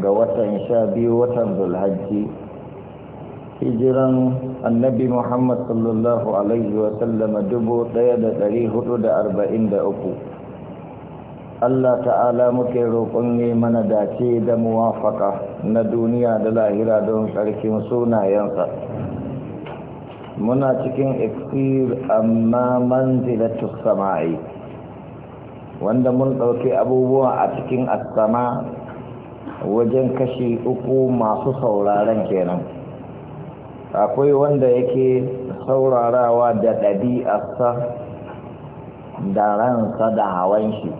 ga watan sha biyu watan zulhajji hijiran annabi muhammad sallallahu alaihi wa sallama dubu ɗaya da ɗari hudu da arba'in da uku allah ta'ala muke roƙon ne mana dace da muwafaka na duniya da lahira don ƙarfin sunayensa muna cikin iksir amma manzilatu sama'i wanda mun ɗauki abubuwa a cikin asama wajen kashi uku masu sauraren kenan akwai wanda yake saurarawa da ɗabi'arsa da ransa da hawan shi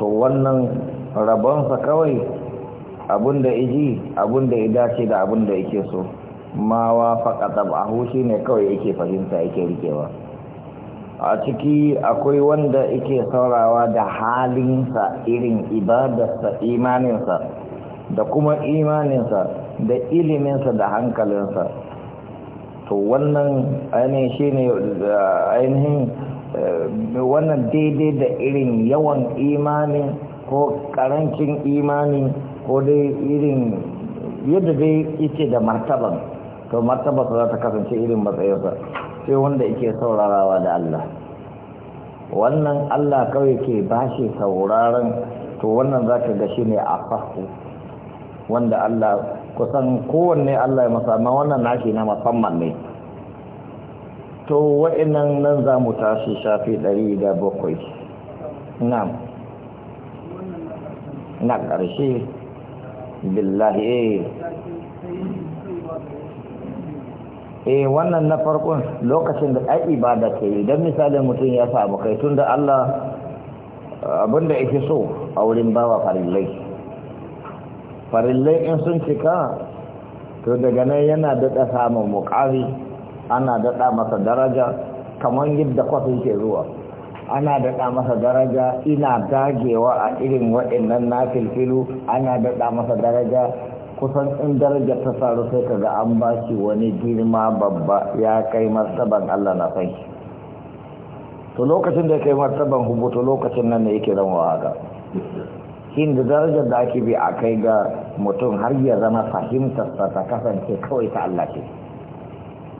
to wannan rabonsa kawai abinda iji abinda ya dace da abinda yake so ma wa faƙa tabahu shi ne kawai yake fahimta yake rikewa a ciki akwai wanda yake saurawa da halinsa irin ibadarsa imaninsa da kuma imaninsa da iliminsa da hankalinsa to wannan ainihin shi ne eh, ainihin eh, wannan daidai da irin yawan imani ko karancin imani ko dai irin yadda dai yake da martaban to martaba za ta kasance irin matsayinsa sai wanda yake saurarawa da Allah wannan Allah kawai ke bashi sauraron to wannan za ka ga shi ne a fahu wanda Allah kusan kowanne Allah ya masa amma wannan nashi na musamman ne to wa'annan nan za mu tashi shafi ɗari da bakwai na na ƙarshe billahi eh. eh wannan na farkon lokacin da ai ibada ke don misalin mutum ya samu tun da Allah abinda yake so a wurin bawa farillai farillai in sun cika to daga nan yana daɗa samun muƙari ana daɗa masa daraja kamar yadda kwafi ke zuwa ana daɗa masa daraja ina dagewa a irin waɗannan na filfilu ana daɗa masa daraja kusan in daraja ta faru sai ka ga an ba shi wani girma babba ya kai martaban Allah na fai to lokacin da ya kai martaban hubu to lokacin nan ne yake zama haka shin da darajar da ake bi a kai ga mutum har ya zama fahimtarsa ta kasance kawai ta Allah ce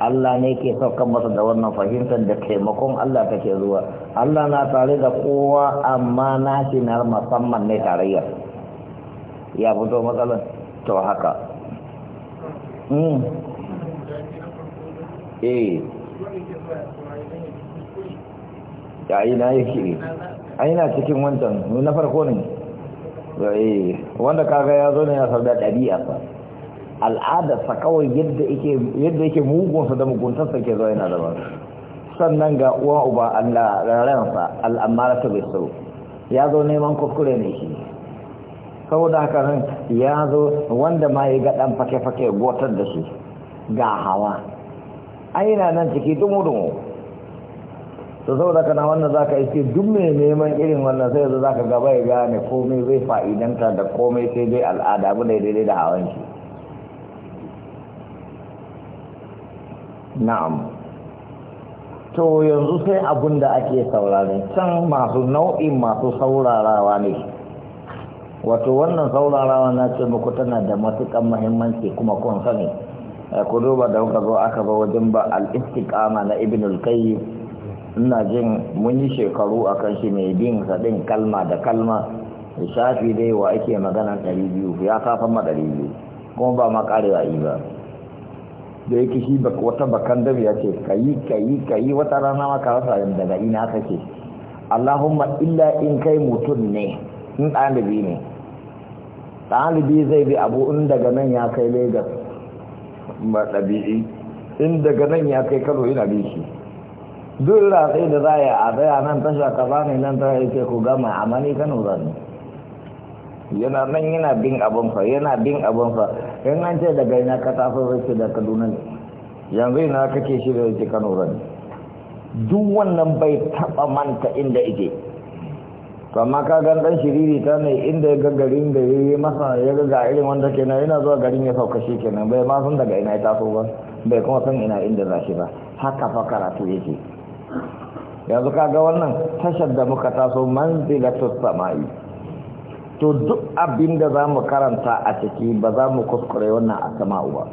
Allah ne ke saukan masa da wannan fahimtar da taimakon Allah take zuwa Allah na tare da kowa amma na shi na musamman ne tarayyar ya fito matsalar to haka mm eh ya ina yake ai na cikin wancan na farko ne eh wanda kaga ya zo ne ya sarda dabi'a fa al'adarsa kawai yadda yake yadda yake mugunsa da muguntarsa ke zo yana da ba sannan ga uwa uba Allah ransa al'amara ta bai sau. ya zo neman kuskure ne shi saboda haka nan ya zo wanda ma ya gaɗan fake-fake gotar da shi ga hawa aina nan ciki dumu-dumu to saboda da na wannan za ka iske duk mai neman irin wannan sai yanzu za ka gaba ya gane komai zai fa'idanta da komai sai dai al'ada abu dai daidai da hawan shi na'am to yanzu sai abun da ake saurari can masu nau'in masu saurarawa ne wato wannan saurarawa na ce muku tana da matukan mahimmanci kuma kun sani eh, ku duba da kuka zo aka ba wajen ba al-istiqama na ibn al-qayyim ina jin mun yi shekaru akan shi mai bin sadin kalma da kalma shafi dai wa ake magana biyu? ya kafa ma biyu, kuma ba ma karewa yi ba da yake shi wata bakan da ya ce kayi kayi kayi wata rana ma ka rasa daga ina kake Allahumma illa in kai mutum ne in ɗalibi ne ɗalibi zai bi abu in daga nan ya kai lagos ba ɗabi'i in daga nan ya kai kano yana bi shi duk ratsai da za a yi a nan tasha ka ne nan ta yake ku gama a mani kano za yana nan yana bin fa, yana bin fa in an ce daga ina ka tafi zai da kaduna ne yanzu ina kake shi da yake kano za duk wannan bai taɓa manta inda ike to amma ka gan dan shiriri ta ne inda ya gaggarin da ya yi masa ya ga ga irin wanda kenan yana zuwa garin ya sauka shi kenan bai ma san daga ina ya taso ba bai kuma san ina inda za shi ba haka fa karatu yake yanzu ka ga wannan tashar da muka taso ta sama'i to duk abin da za mu karanta a ciki ba za mu kuskure wannan a sama'u ba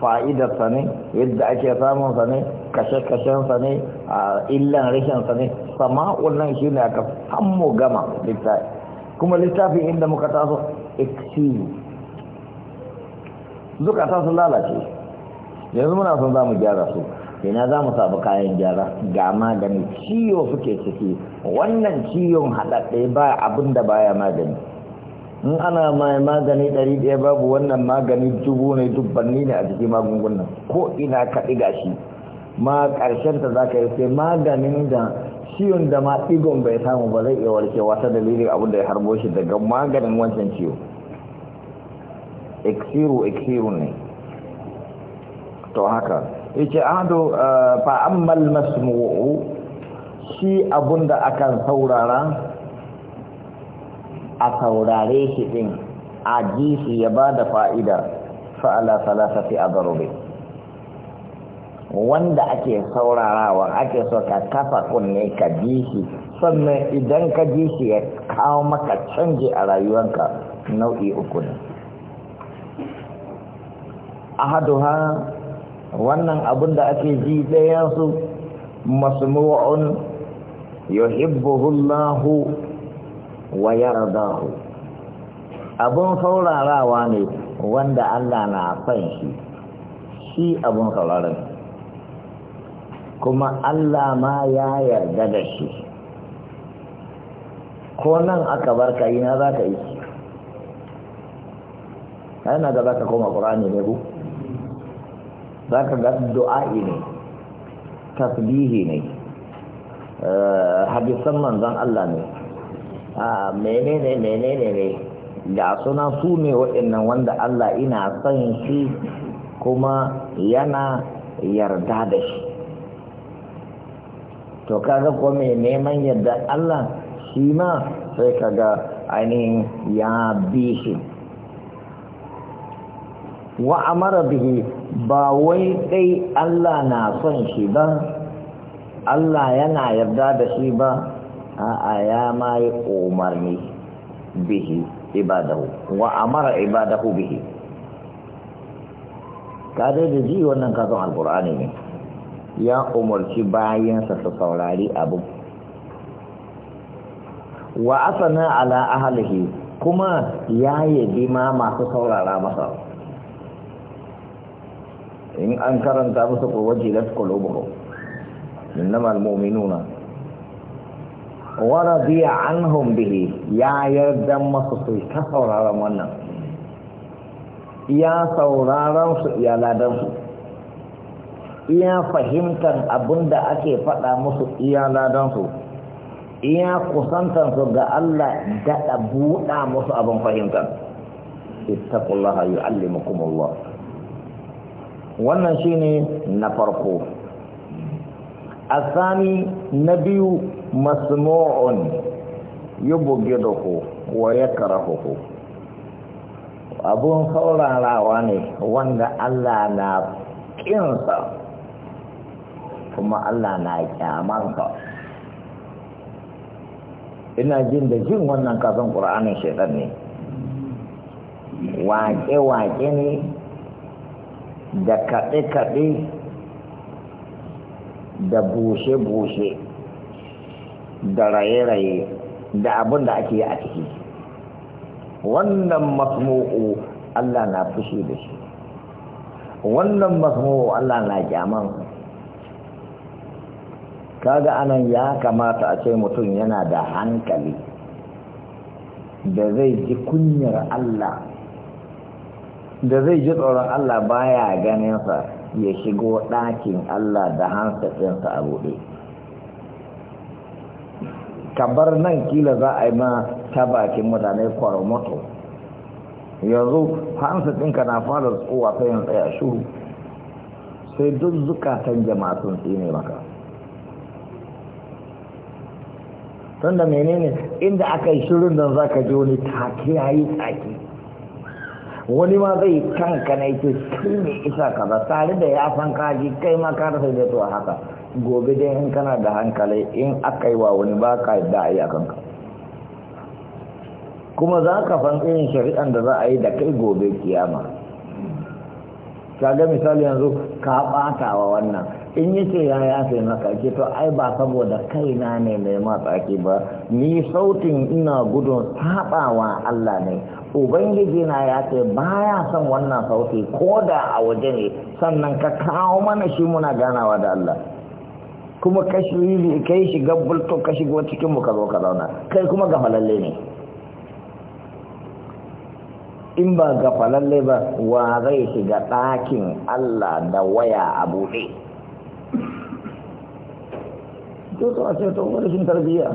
fa'idarsa ne yadda ake samunsa ne kashe-kashensa ne a illan rashinsa ne sama'un nan shi ne aka sammu gama littafi kuma littafi inda muka taso eksiyu zuka taso lalace yanzu muna son za mu gyara su ina za mu sabu kayan gyara ga magani ciwo suke ciki wannan ciwon haɗaɗɗe ba abin da baya magani in ana mai magani ɗari ɗaya babu wannan magani dubu ne dubbanni ne a cikin magungunan ko ina ka ɗiga shi ma ƙarshen ta za yi sai maganin da ciwon da ma ɗigon bai samu ba zai iya warke wata dalilin abin da ya harbo shi daga maganin wancan ciwo iksiru iksiru ne to haka yace ado eh, fa ammal masmu'u shi abun da akan saurara a saurare shi ɗin, a ji shi ya ba da fa'ida fa'ala salasati a zarube wanda ake saurarawa ake so ka kafa kunne ka ji shi sannan idan ka ji shi ya kawo maka canji a rayuwanka nau'i uku ne ahaduha wannan abin da ake ji ɗayansu masmu'un yuhibbuhu Allahu wa yardahu abun saurarawa ne wanda Allah na san shi shi abun sauraron kuma Allah ma ya yarda da shi ko nan aka barka ina za ka yi yana da za ka koma ƙurani ne ku za ka ga du'a'i ne tasbihi ne eh, hadisan manzon Allah ne a ah, menene menene ne ga suna su ne waɗannan wanda Allah ina son shi kuma yana yarda da shi to kaga ko mai neman yarda Allah shi ma sai kaga ainihin ya bi shi wa amara bihi ba wai dai Allah na son shi ba Allah yana yarda da shi ba a'a ya ma yi umarni bihi ibadahu wa amara ibadahu bihi ka dai da ji wannan kasan alkur'ani ne ya umarci bayansa su saurari abu wa asana ala ahalihi kuma ya yi ma masu saurara masa in an karanta musu kurwaji lafi kulubuhu innama muminuna waradiya radiya anhum ya yarda masu su ta sauraron wannan Ya sauraron su iya ladan su iya fahimtar abin da ake faɗa musu iya ladan su iya kusantar su ga Allah daɗa buɗa musu abin fahimtar ittaqullaha yu'allimukumullah wannan shine na farko na biyu ya da ku wa ya ويكرهه abun saurarawa ne wanda Allah na kinsa kuma Allah na ƙyamansa ina jin da jin wannan kasan ƙura'anin shaitan ne wake-wake ne da kaɗe-kaɗe da bushe-bushe da raye-raye da abin da ake yi a ciki wannan masmu'u Allah na fushi da shi wannan masmu'u Allah na kyaman kaga anan ya kamata a ce mutum yana da hankali da zai ji kunyar Allah da zai ji tsoron Allah baya ganin sa ya shigo ɗakin Allah da hansa a buɗe kabar nan kila za a yi ma ta bakin mutane kwaromoto yanzu hansa ɗinka na fara tsuwa ta yin tsaya shuru sai duk zukatan jama'a sun tsine maka tun menene inda aka yi shirin don za ka ji wani take ya yi tsaki wani ma zai kanka na ita shi ne isa kaza tare da ya san kaji kai ma ka rasa da tuwa haka gobe dai in kana da hankali in aka yi wa wani ba ka da a yi a kanka kuma za ka san irin shari'an da za a yi da kai gobe kiyama ga misali yanzu ka ɓata wa wannan in yace ya yafe maka ke to ai ba saboda kaina ne mai matsaki ba ni sautin ina gudun sabawa Allah ne ubangiji na ya ce baya son wannan sauti ko da a waje ne sannan ka kawo mana shi muna ganawa da Allah kuma ka shi kai shi bulto ka shigo cikin mu ka zo ka zauna kai kuma gafalalle ne in ba ga falalle ba wa zai shiga ɗakin Allah da waya a buɗe itu to a ce to rashin tarbiyya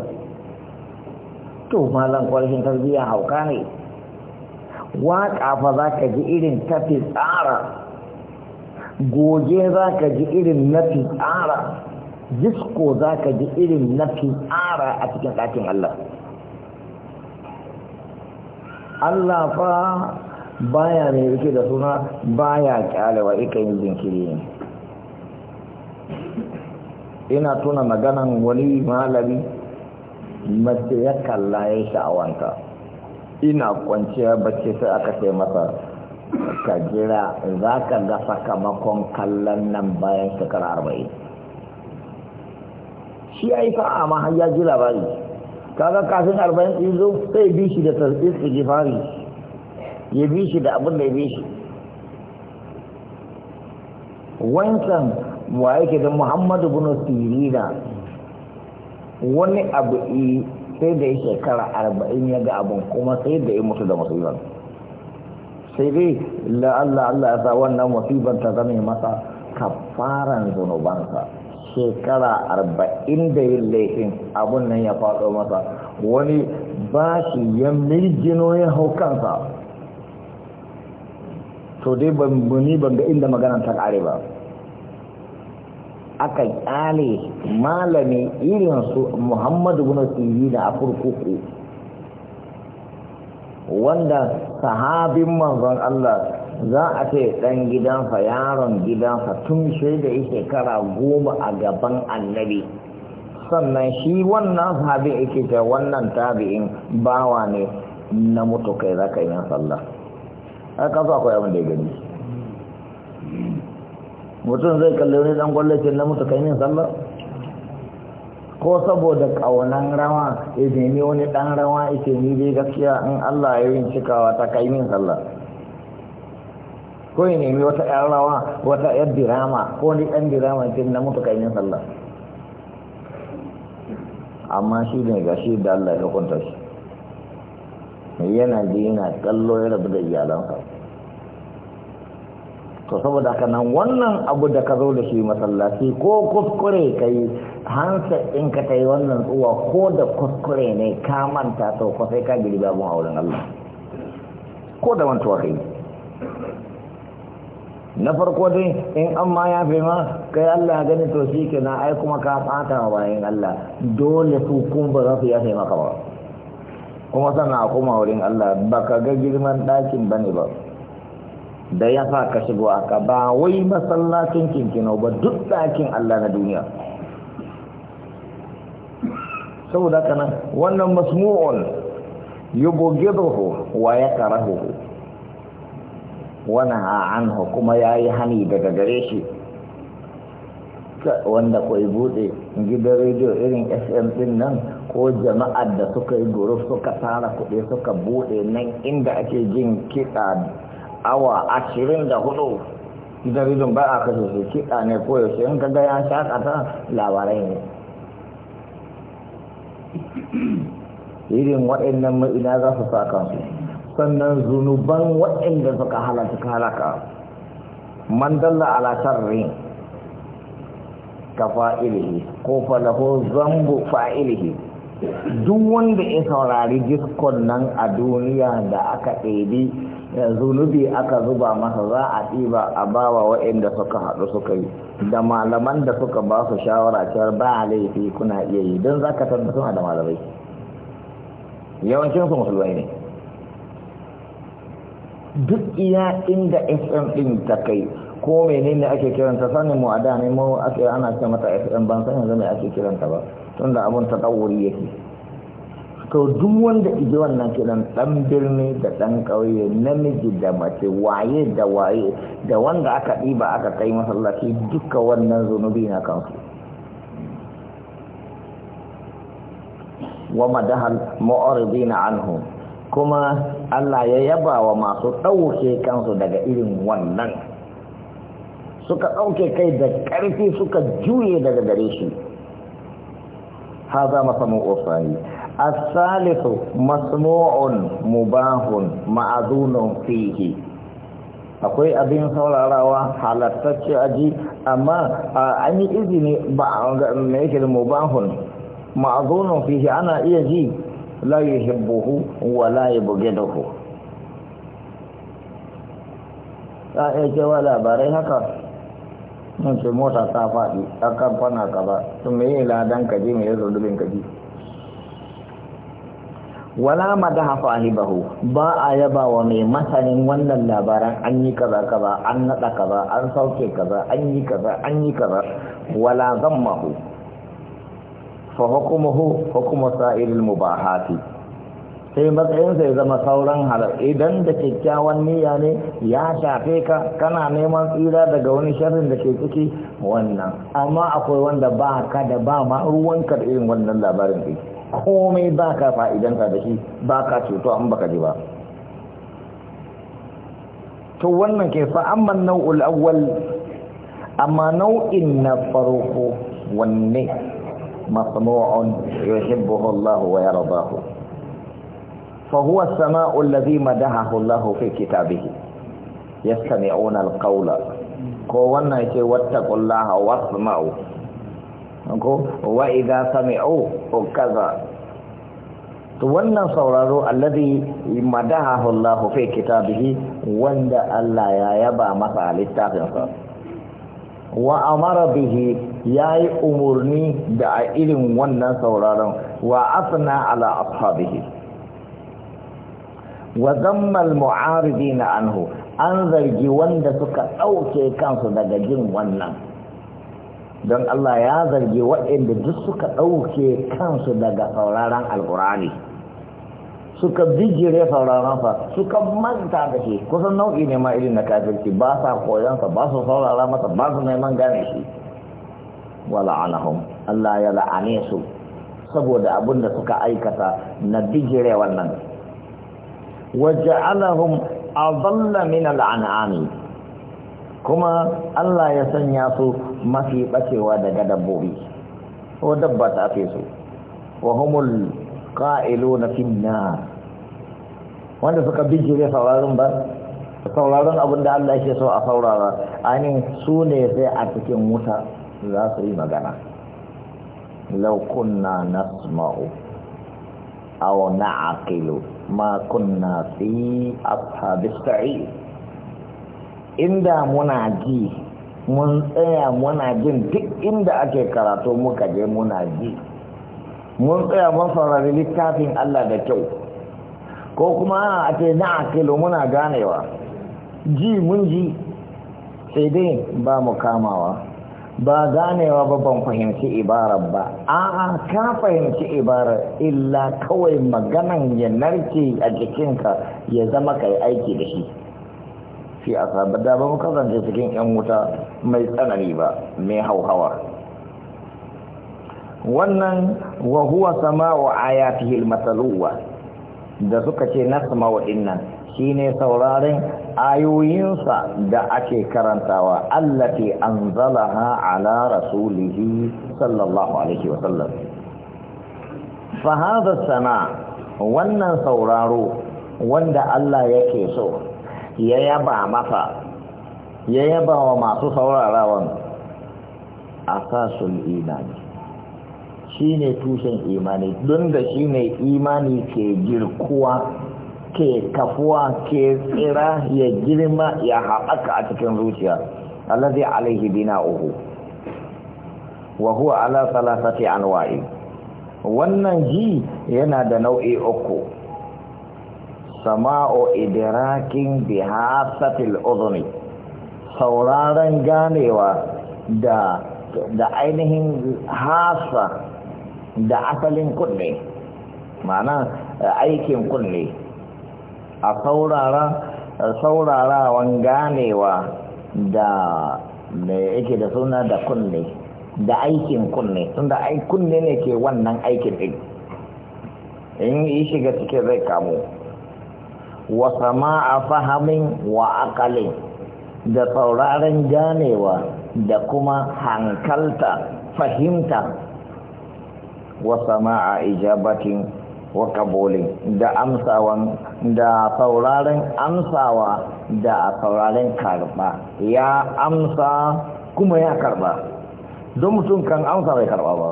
to malam kwarishin tarbiyya hauka ne waƙa zaka ji irin ta tsara goge zaka ji irin nafi tsara disko zaka ji irin nafi tsara a cikin ɗakin Allah Allah fa baya mai yake da suna baya wa ikan yin jinkiri ne ina tuna maganan wani malami mace ya kalla ya sha'awanta ina kwanciya bacci sai aka ce masa ka jira za ka ga sakamakon kallon nan bayan shekara arba'in shi ya yi fa'a ma har ji labari kaga kafin arba'in ɗin zo sai bi shi da tarbiyyar tsibifari ya bi shi da abin da ya bi shi wancan wa yake da muhammadu bin sirina wani abu sai da ya shekara arba'in ya ga abin kuma sai da ya mutu da musibar sai dai la'alla Allah ya sa wannan musibar ta zama masa kafaran zunubansa shekara arba'in da yin laifin abun nan ya faɗo masa wani bashi ya mirgino ya hau kansa to dai ban ga inda maganar ta ƙare ba aka kyale malami irin su muhammadu bin da a kurkuku wanda sahabin manzon Allah za a ce ɗan gidansa yaron gidansa tun shaida ya shekara goma a gaban annabi sannan shi wannan sahabin yake ce wannan tabi'in bawa ne na mutu kai za ka yi sallah aka zuwa akwai da ya gani mutum zai kalli wani dan gwallacin na mutu kai min sallar ko saboda kaunan rawa ya nemi wani ɗan rawa ita ni dai gaskiya in Allah ya yi cikawa ta kai min sallah ko ya nemi wata 'yan rawa wata 'yan dirama ko ni 'yan dirama ya na mutu kai min sallah amma shi ne ga shi da Allah ya hukunta shi yana ji yana kallo ya rabu da iyalansa to saboda haka nan wannan abu da ka zo da shi masallaci ko kuskure ka yi hansa in ka ta yi wannan tsuwa ko da kuskure ne ka manta to ko sai ka giri babun wurin Allah ko da mantuwa ka yi na farko dai in an ma ya fi ma kai Allah ya gani to shi kenan ai kuma ka fata wa bayan Allah dole su kun ba za su fi maka ba kuma sannan a kuma wurin Allah ba ka ga girman ɗakin ba, ne ba. da ya sa ka shigo a ka ba wai masallacin kinkino ba duk ɗakin Allah na duniya saboda kana wannan masmu'un yubghiduhu wa ya wa naha anhu kuma yayi hani daga gare shi wanda kwai bude gidan rediyo irin FM din nan ko jama'ar da suka yi guruf suka tara kuɗi suka buɗe nan inda ake jin kiɗa awa ashirin da hudu jaridun rizun ba a kashe su kiɗa ne ko yaushe in kaga ya shakata labarai ne irin waɗannan ma'ina za su sa kansu sannan zunuban waɗanda suka halatta ka halaka man dalla ala sharri ka fa'ilihi ko lahu zambu fa'ilihi duk wanda ya saurari diskon nan a duniya da aka ɗebi eh, zunubi aka zuba masa za a ɗiba a bawa waɗanda suka haɗu suka yi da malaman da suka ba su shawara cewar ba laifi kuna iya yi don za ka tabbatar da malamai yawancin su musulmai ne duk iya inda fm ɗin ta kai ko menene ake kiranta sanin mu a da ne mu ake ana ce mata fm ban san yanzu ake kiranta ba tunda abun ta yake to duk wanda ije wannan kiran ɗan birni da ɗan ƙauye namiji da mace waye da waye da wanda aka ɗiba aka kai masallaci duka wannan zunubi na kansu wa madahal mu'aridina anhu kuma Allah ya yaba wa masu ɗauke kansu daga irin wannan suka ɗauke kai da ƙarfi suka juye daga gare shi هذا مسموع الثاني الثالث مسموع مباه معذون فيه akwai abin saurarawa halattacce aji amma an yi izini ba me yake da mubahun ma'azunun fihi ana iya ji la yuhibbuhu wa la yubghiduhu ta iya cewa labarai haka mun ce mota ta faɗi a kamfana ka ba su mai yi ladan ka ji mai yi zurdubin ka ji wala hafa bahu ba a yaba wa mai masanin wannan labaran an yi kaza kaza an naɗa kaza an sauke kaza an yi kaza an yi kaza wala mahu fa hukumuhu hukumu ba mubahati sai matsayinsa ya zama sauran halar idan da kyakkyawan niyya ne ya shafe ka kana neman tsira daga wani sharrin da ke ciki wannan amma akwai wanda ba ka da ba ma ruwan irin wannan labarin ɗin komai ba ka ka da shi ba ka ceto an baka ji ba to wannan ke fa amma nau'ul awwal amma nau'in na farko wanne masnu'un yuhibbuhu Allah wa yardahu فهو السماء الذي مدحه الله في كتابه يستمعون القول ko wannan yake wattaqullaha wasma'u ko wa idza sami'u kaza to wannan sauraro alladhi madahahu Allah fi kitabihi wanda Allah ya yaba masa a sa, wa amara bihi yayi umurni da irin wannan sauraron wa asna ala ashabihi wa zammal mu'aridina anhu an zargi wanda suka ɗauke kansu daga jin wannan don Allah ya zargi waɗanda duk suka ɗauke kansu daga sauraron alƙur'ani suka bijire sauraronsa suka manta da shi kusan nau'i ne ma irin na kafirci ba sa sa, ba su saurara masa ba su neman gane shi wala'anahum Allah ya la'ane su saboda abin da suka aikata na bijire wannan waja'alahum adalla min al'an'ami kuma Allah ya sanya su mafi bacewa daga dabbobi ko dabba ta fi su wa humul qa'iluna fin nar wanda suka bijire sauraron ba sauraron abin da Allah yake so a saurara ani su ne sai a cikin wuta za su yi magana lau kunna nasma'u aw na'qilu ma kunna fi ashabis sa'i inda muna ji mun tsaya muna jin duk inda ake karatu muka je muna ji mun tsaya mun littafin Allah da kyau ko kuma ana a na akilu muna ganewa ji mun ji sai dai ba mu kamawa ba ganewa ba ban fahimci ibarar ba a'a ka fahimci ibarar illa kawai maganan ya narke a jikinka ya zama kai aiki da shi fi a da ba kasance cikin yan wuta mai tsanani ba mai hauhawa wannan wa huwa wa ayatihil al da suka ce na sama wa dinnan Shi ne sauraren ayoyinsa da ake karantawa zala anzalaha ala rasulihi sallallahu alaihi wa sallam sana wannan sauraro wanda Allah yake so ya yaba mata ya yaba wa masu saurarawan asasul imani ne tushen imani don da shi ne imani ke girkuwa ke kafuwa ke tsira ya girma ya haɓaka a cikin zuciya allazi alaihi bina uhu wa huwa ala salasati anwa'i wannan ji yana da nau'i uku sama'u idrakin bi hasatil udhuni sauraron ganewa da da ainihin hasa da asalin kunne ma'ana eh, aikin kunne a saurara saurarawan ganewa da da yake da suna da kunne da aikin kunne tunda ai kunne ne ke wannan aikin din in yi shiga cikin zai kamu wa sama'a fahamin wa akalin da sauraren ganewa da kuma hankalta fahimta wa a ijabatin wa kabulin da amsawan da sauraren amsawa da sauraren karba ya amsa kuma ya karba don mutum kan amsa bai karba ba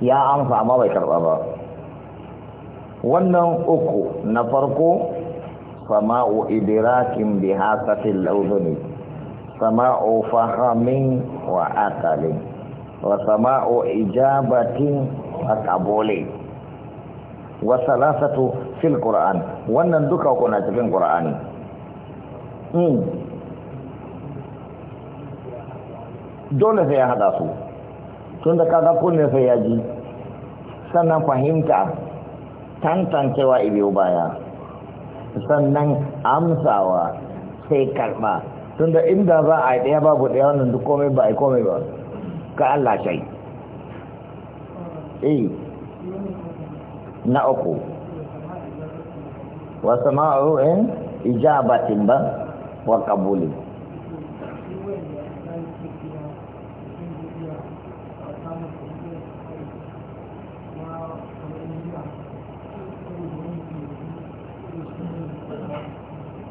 ya amsa amma bai karba ba wannan uku na farko sama'u idrakin bi hasatil lauzuni sama'u fahamin wa akalin wa sama'u ijabatin wa kabulin wa salasatu fil qur'an wannan duka kuna cikin qur'ani hmm. dole sai ya hada su tun da kaga kunne sai ya ji sannan fahimta tantancewa ibiyo baya sannan amsawa sai karba tun da inda za a yi ɗaya babu daya wannan duk komai ba a yi komai ba ka Allah shai eh na uku wa sama'u in ijabatin ba wa kabuli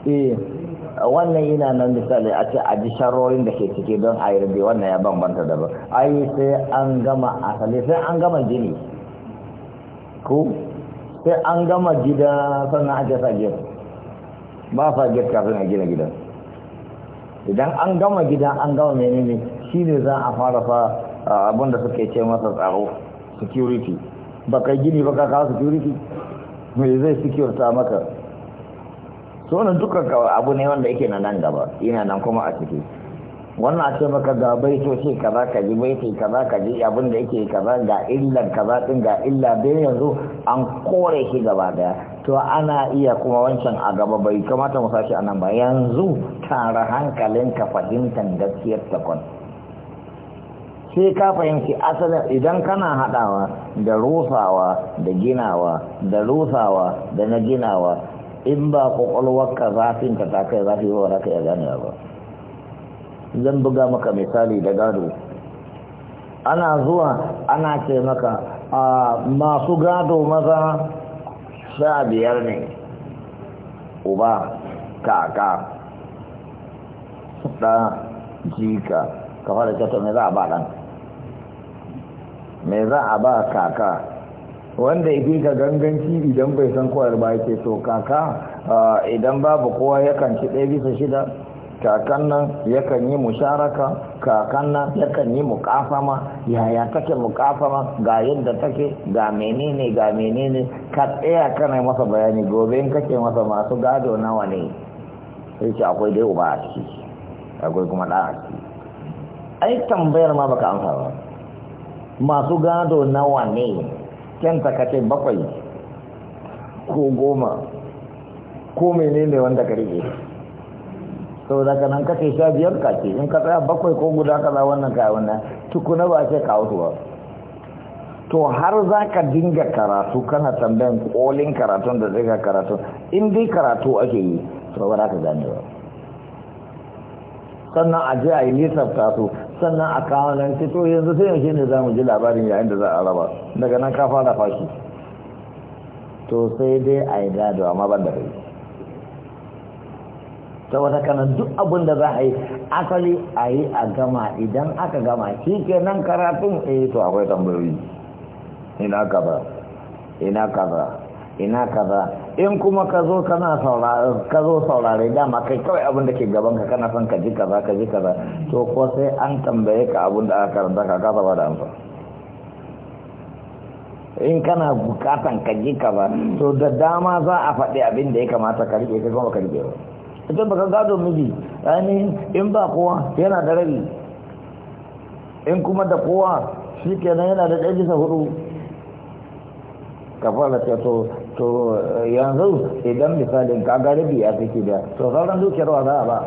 eh wannan yana nan misali a ce a ji sharorin da ke ciki don a yi wannan ya bambanta daban ai sai an gama asali sai an gama jini ko sai an gama gida sannan ake sa gida ba sa kafin a gina gida idan an gama gida an gama menene shi ne za a fara fa abinda suka ce masa tsaro security ba kai gini ba ka kawo security mai zai securta maka sonan duka abu ne wanda yake na nan gaba yana nan kuma a ciki wannan a ce maka ga baitoci kaza ka ji baiti kaza ka ji abin da yake kaza ga illar kaza din ga illa bai yanzu an kore shi gaba daya to ana iya kuma wancan a gaba bai kamata mu sashi anan ba yanzu tara hankalin ka fahimtar gaskiyar ta kon sai ka fahimci asalin idan kana hadawa da rusawa da ginawa da rusawa da na ginawa in ba kwakwalwarka ka ta kai zafi ba za ka iya ganewa ba zan buga maka misali da gado ana zuwa ana ce maka masu gado maza sha biyar ne uba kaka ɗa jika ka fara kyauta mai za a ba ɗan mai za a ba kaka wanda ibi ka ganganci idan bai san koyar ba yake so kaka idan babu kowa yakan ci ɗaya bisa shida kakan nan yakan yi musharaka kakan nan yakan yi mukafama yaya take mukafama ga yadda take ga menene ga menene ka tsaya kana masa bayani gobe in kake masa masu gado nawa ne sai ce akwai dai uba a ciki akwai kuma ɗan a ciki ai tambayar ma baka amsa ba masu gado nawa ne kenta ka ce bakwai ko goma ko menene wanda ka rike saboda ka nan kake sha biyar kake in ka tsaya bakwai ko guda ka za wannan ka wannan tukuna ba ce kawo su ba to har za ka dinga karatu kana tambayan kolin karatun da zai ka karatu in dai karatu ake yi to ba za ka gane ba sannan a je a yi nisan taso sannan a kawo nan ce to yanzu sai yanzu ne za mu ji labarin yayin da za a raba daga nan ka fara fashi to sai dai a yi gado amma ban da kai saboda kana duk abin da za a yi asali a yi a gama idan aka gama shi ke nan karatun eh to akwai tambayoyi ina kaza ina kaza ina kaza in kuma ka zo kana saurare ka zo saurare dama kai kawai abin da ke gaban ka kana son ka ji kaza ka ji kaza to ko sai an tambaye ka abin da aka karanta ka kasa ba da amsa in kana bukatan ka ji kaza to da dama za a faɗi abin da ya kamata ka rike ka kuma ka rike ba ita baka gado miji yani in ba kowa yana da rabi in kuma da kowa shi kenan yana da ɗaya bisa hudu kafala ce to to eh, yanzu idan misalin ka ga rabi a take da to sauran wa za a ba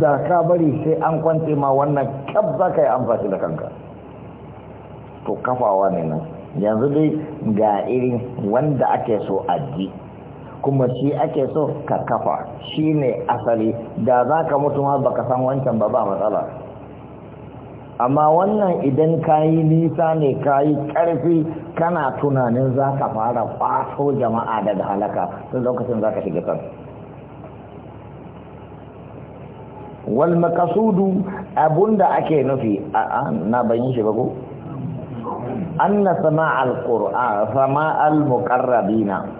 da ka bari sai an kwance ma wannan kyab za ka yi amfani da kanka to kafawa ne nan yanzu dai ga irin wanda ake so a ji kuma shi ake so ka kafa shi ne asali da za ka mutu ma baka san wancan ba ba matsala amma wannan idan ka yi nisa ne ka yi ƙarfi kana tunanin za ka fara kwaso jama'a daga halaka tun lokacin za ka shiga wal makasudu abunda ake nufi a'a na bayin shi ba ko anna sama'al qur'an sama'al muqarrabina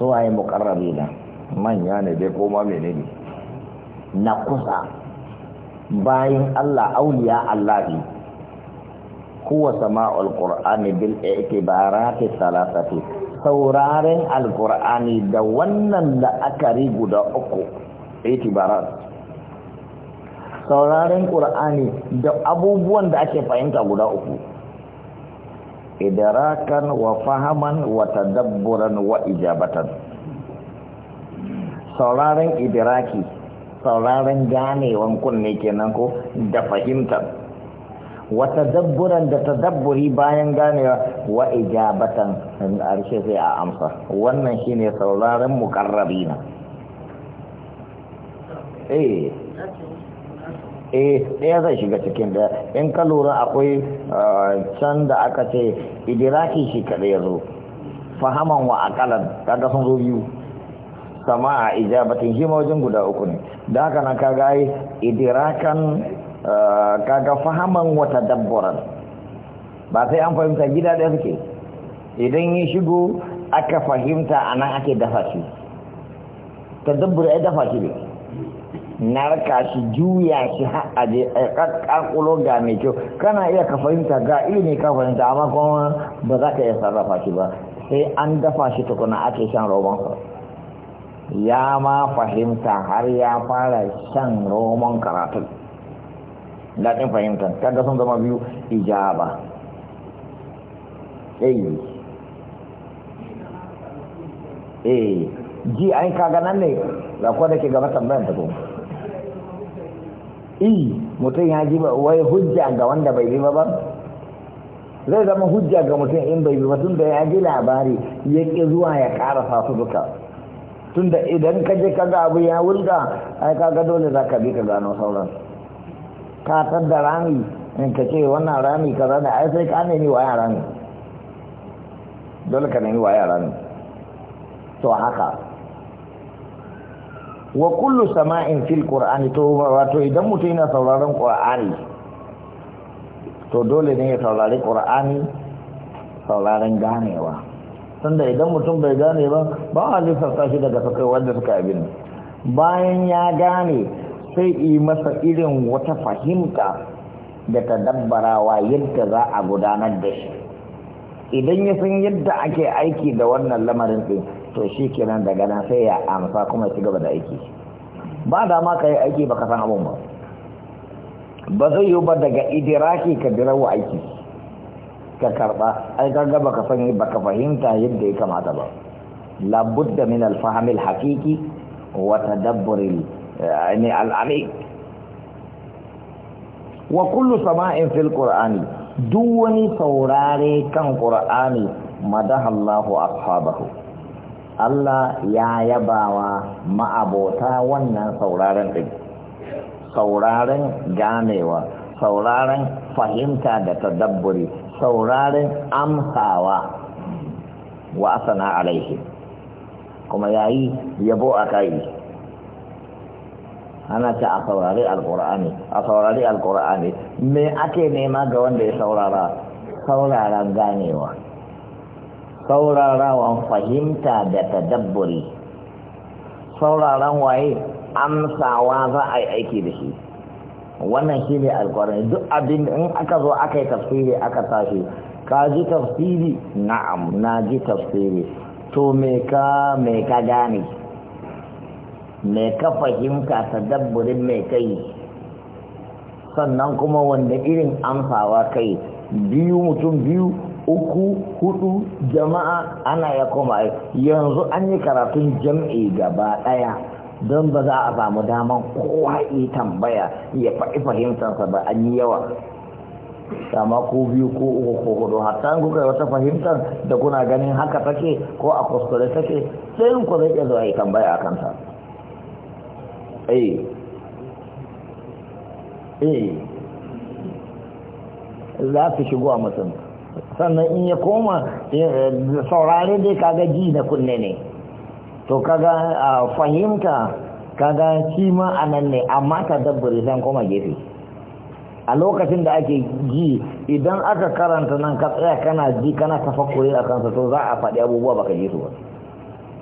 su waye mukarrabi na manya ne dai koma mene ne na kusa bayan Allah auliya Allahi Kuwa sama'ul qur'ani bil i'tibarati salasati sauraren alqur'ani da wannan la'akari guda uku i'tibarat sauraren qur'ani da abubuwan da ake fahimta guda uku idrakan wa fahaman wa tadabburan wa ijabatan sauraren idraki sauraren ganewan kunne kenan ko da fahimtar wa tadabburan da tadabburi bayan ganewa wa ijabatan in arshe sai a amsa wannan shine sauraren na eh eh ɗaya zai shiga cikin da in ka lura akwai eh, can da aka ce idiraki shi kaɗai ya zo fahaman wa akalan kaga sun zo biyu sama a ijabatin shi wajen guda uku ne da haka nan kaga ai idirakan eh, kaga fahaman wa dabbaran ba sai an fahimta gida ɗaya suke idan ya shigo aka fahimta a nan ake dafa shi tadabbur ya dafa shi ne narka shi juya shi har a je ƙarƙulo ga mai kyau kana iya ka fahimta ga ne ka fahimta amma kuma ba za ka iya sarrafa shi ba sai an dafa shi tukuna ake shan roman ya ma fahimta har ya fara shan roman karatu daɗin fahimta kaga sun zama biyu ijaba eh, eh. ji an kaga nan ne ga ko da ke gaba tambayar ta kuma in mutum ya ji ba wai hujja ga wanda bai bi ba ba zai zama hujja ga mutum in bai bi ba tun da ya ji labari ya ƙi zuwa ya ƙara su duka tun da idan ka je ka ga abu ya wulga ai ka ga dole za ka bi ka gano sauran ka da rami in ka ce wannan rami ka zana ai sai ka nemi wa yara rami, dole ka nemi wa yara rami to haka wa kullu sama'in fil qur'ani to wato idan mutum yana sauraron qur'ani to dole ne ya saurari qur'ani sauraron ganewa tunda idan mutum bai gane ba ba a lissafta shi daga sakai wanda suka abin bayan ya gane sai yi masa irin wata fahimta da ta dabbarawa yadda za a gudanar da shi idan ya san yadda ake aiki da wannan lamarin ɗin to shi kenan daga nan sai ya amsa kuma ya ci gaba da aiki ba da ma ka yi aiki baka san abun ba ba zai yi ba daga idiraki ka dirawa aiki ka karba ai kaga baka san baka fahimta yadda ya kamata ba labudda min al hakiki al-haqiqi wa tadabbur eh, wa kullu sama'in fil qur'ani duk wani saurare kan qur'ani madahallahu ashabahu Allah ya yabawa ma'abota wannan sauraron ɗin sauraron ganewa sauraron fahimta da tadabburi sauraron amsawa wa asana alaihi kuma yayi yabo a kai ana ce a saurari alkur'ani a saurari alkur'ani me ake nema ga wanda ya saurara sauraren ganewa saurarawan fahimta da tadabburi sauraron waye amsawa za a yi aiki da shi wannan shi ne alkwarani duk abin in aka zo aka yi tafsiri aka tashi ka ji tafsiri na'am na ji tafsiri to me ka me ka gane me ka fahimta tadabburin me kai sannan kuma wanda irin amsawa kai biyu mutum biyu uku hudu jama'a ana ya koma yanzu an yi karatun jam'i gaba daya don ba za a samu daman kowa yi tambaya ya faɗi fahimtarsa ba an yi yawa sama ko biyu ko uku ko hudu hatta kuka wata fahimtar da kuna ganin haka take ko a kuskure take sai ku zai iya zuwa yi tambaya a kansa eh eh za ta shigo a mutum sannan in ya koma eh, eh, saurare dai kaga ji na kunne ne to kaga fahimta kaga shi ma nan ne amma ta dabbari zan koma gefe a lokacin da ake ji idan aka karanta nan ka tsaya kana ji kana tafakkuri a kansa to za a faɗi abubuwa baka ji su ba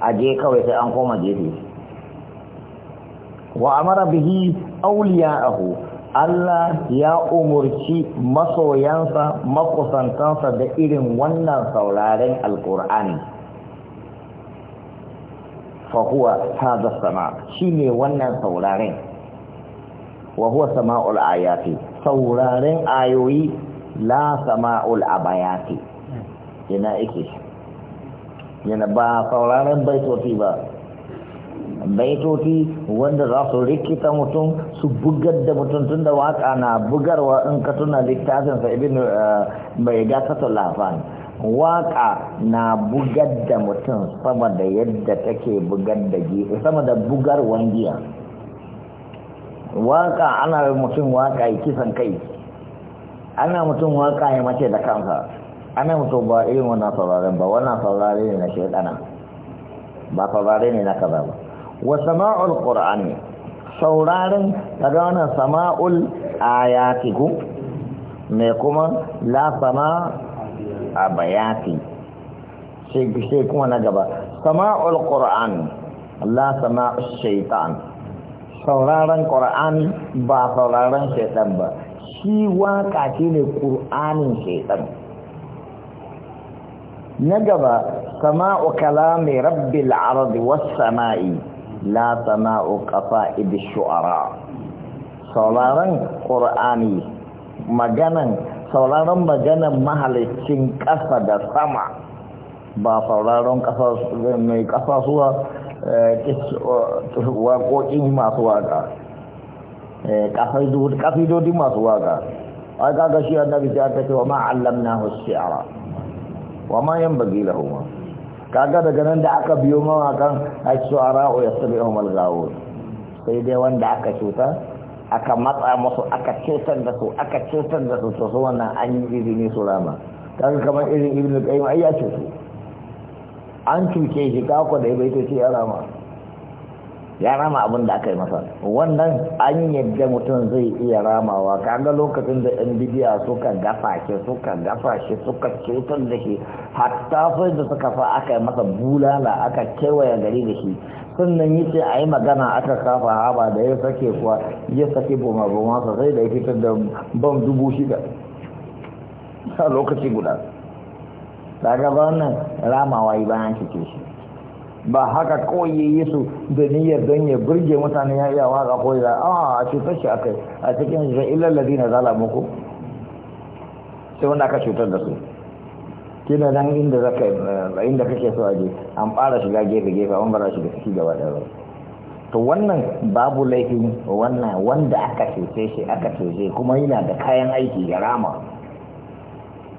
a je kawai sai an koma gefe wa amara bihi awliya'ahu Allah ya umurci masoyansa makusantansa da irin wannan sauraren alkur'ani fahuwa ta hada sama ne wannan sauraren wa huwa sama'ul ayati sauraren ayoyi la sama'ul abayati yana ike yana ba sauraren baitoci ba baitoti wanda za su rikita mutum su bugar da mutum tun da waka na bugarwa in ka tuna littafinsa ibn eh, mai gasa lafan waka na bugar da mutum sama da yadda take bugar da giya sama da bugar wangiya waka ana mutum waka yi kisan kai ana mutum waka ya mace da kansa ana mutum ba irin wannan sauraren ba wannan sauraren ne na shekana ba sauraren ne na kaza ba wa sama'ul qur'ani sauraron kaga wannan sama'ul ayati ku me kuma la sama a bayati sai sai kuma na gaba sama'ul qur'an la sama'ul shaytan sauraron qur'ani ba sauraron shaytan ba shi waka ce ne qur'anin shaytan na gaba sama'u kalami rabbil ardi was sama'i la sana'u qafa ibi shu'ara sauraron qur'ani maganan sauraron maganan mahalicin ƙasa da sama ba sauraron mai ƙasa suwa eh, waƙoƙin masu waƙa eh, ƙafidodin masu waƙa ai ga shi annabi ta ta ce wa ma'allam na hussiyara wa ma yan bagi lahu kaga daga nan da aka biyo mawakan sabi yastabi'u malghawu sai dai wanda aka cuta aka matsa musu aka cutar da su aka cutar da su sosu wannan an yi izini su rama kaga kamar irin ibnu qayyim ai ya cutu an cuce shi kako da bai ta ya rama ya rama abin da aka yi masa wannan an yadda mutum zai iya ramawa kaga lokacin da yan bidiya suka gafa shi suka gafa shi suka cutar da shi hatta sai da suka fa aka yi masa bulala aka kewaye gari da shi sannan yi ce a yi magana aka kafa haba da ya sake kuwa ya sake boma boma sai da ya fitar da ban dubu shida a lokaci guda daga ba wannan ramawa yi bayan cike shi ba haka kawai ya yi su da niyyar don ya burge mutane ya iya waka ko ya a ah, a cutar shi akai a cikin shi illal na zala ko sai wanda aka cutar da su kina nan inda zaka eh, inda kake so aje an fara shiga gefe gefe an bara shiga shi gaba da ba to wannan babu laifin wannan wanda aka cuce shi aka cuce kuma yana da kayan aiki ya rama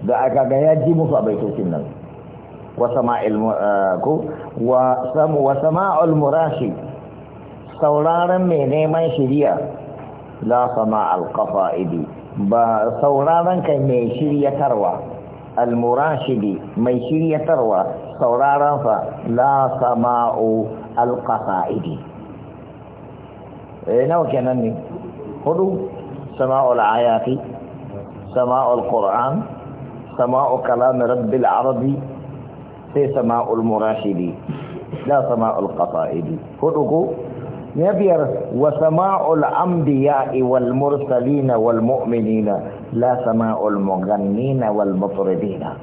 da aka ga ya ji musu a baitocin nan وسماع الم... آه، وسم... وسماع المراشي سورارا من نيمان شريا لا سماع القفائد با سورارا كان من شريا تروى المراشدي من شريا تروى سورارا فلا سماع ايه نو كانني خذوا سماع الآيات سماع القرآن سماع كلام رب العربي sai sama'ul murashidi da sama'ul qasa'idi hudu ku? na biyar wa sama'ul anbiya'i wal mursalina wal mu'minina la sama'ul mughannina wal mutridina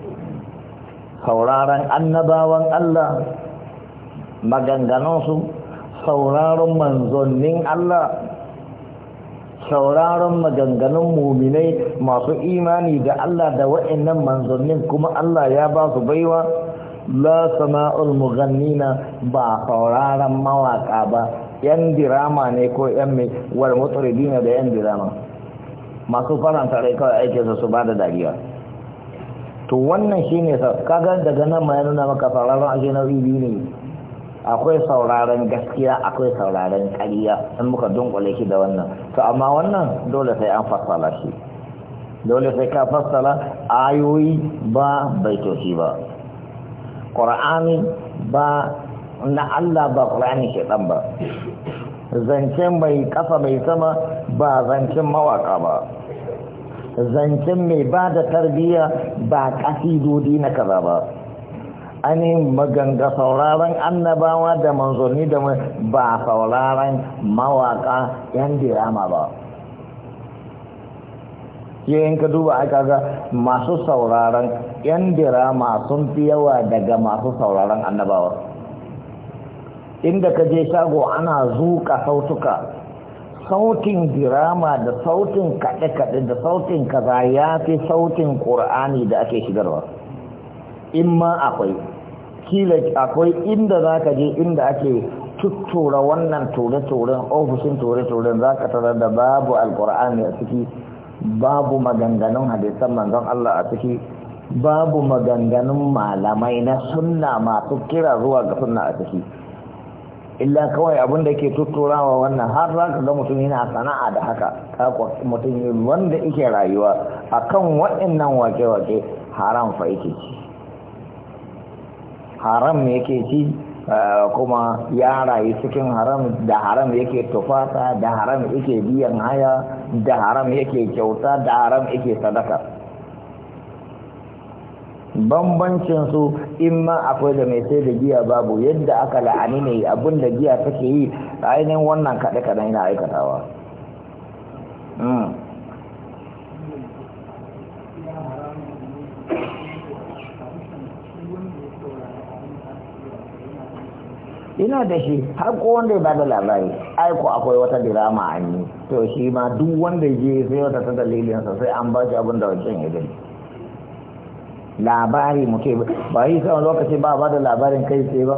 sauraron annabawan Allah maganganunsu sauraron manzonnin Allah sauraron maganganun muminai masu imani da Allah da wa'annan manzannin kuma Allah ya ba su baiwa la sama'ul mughannina ba sauraron mawaka ba yan dirama ne ko yan mai war mutsurdina da yan dirama masu faranta rai kawai aike su su da dariya to wannan shine sa kaga daga nan ma ya nuna maka sauraron ashe na biyu ne akwai sauraron gaskiya akwai sauraron ƙariya in muka dunkule shi da wannan to amma wannan dole sai an fassala shi dole sai ka fassala ayoyi ba bai baitoshi ba ƙura'ani ba na Allah ba ƙura'ani shaɗan ba zancen mai ƙasa mai sama ba zancen mawaƙa ba zancen mai ba da tarbiyya ba ƙasidodi na kaza ba ainihin maganga sauraron annabawa da manzoni da ba sauraron mawaƙa yan dirama ba yayin ka duba aka ga masu sauraron yan dirama sun fi yawa daga masu sauraron annabawa inda ka je shago ana zuƙa sautuka sautin dirama da sautin kaɗe-kaɗe da sautin kaza ya fi sautin ƙur'ani da ake shigarwa in ma akwai kila akwai inda za ka je inda ake tuttura wannan ture-turen ofishin ture-turen za ka tarar da babu alƙur'ani a ciki babu maganganun hadisan manzon Allah a ciki babu maganganun malamai na sunna masu kira zuwa ga sunna a ciki illa kawai abin da ke tutturawa wannan har za ka ga mutum yana sana'a da haka mutum wanda yake rayuwa a kan waɗannan wake-wake haram fa yake ci haram ne yake ci Eh, kuma ya rayu cikin haram da haram yake tufata da haram yake biyan haya da haram yake kyauta da haram yake sadaka bambancin su in ma akwai da mai sai da giya babu yadda aka la'ani ne abin da giya take yi ainihin wannan kaɗe kaɗe yana aikatawa hmm. ina da shi har ko wanda ya bada labari ai ko akwai wata dirama a ni to shi ma duk wanda je sai wata ta dalilin sa sai an ba shi abin da wancan ya gani labari muke ba yi sai lokaci ba ba da labarin kai sai ba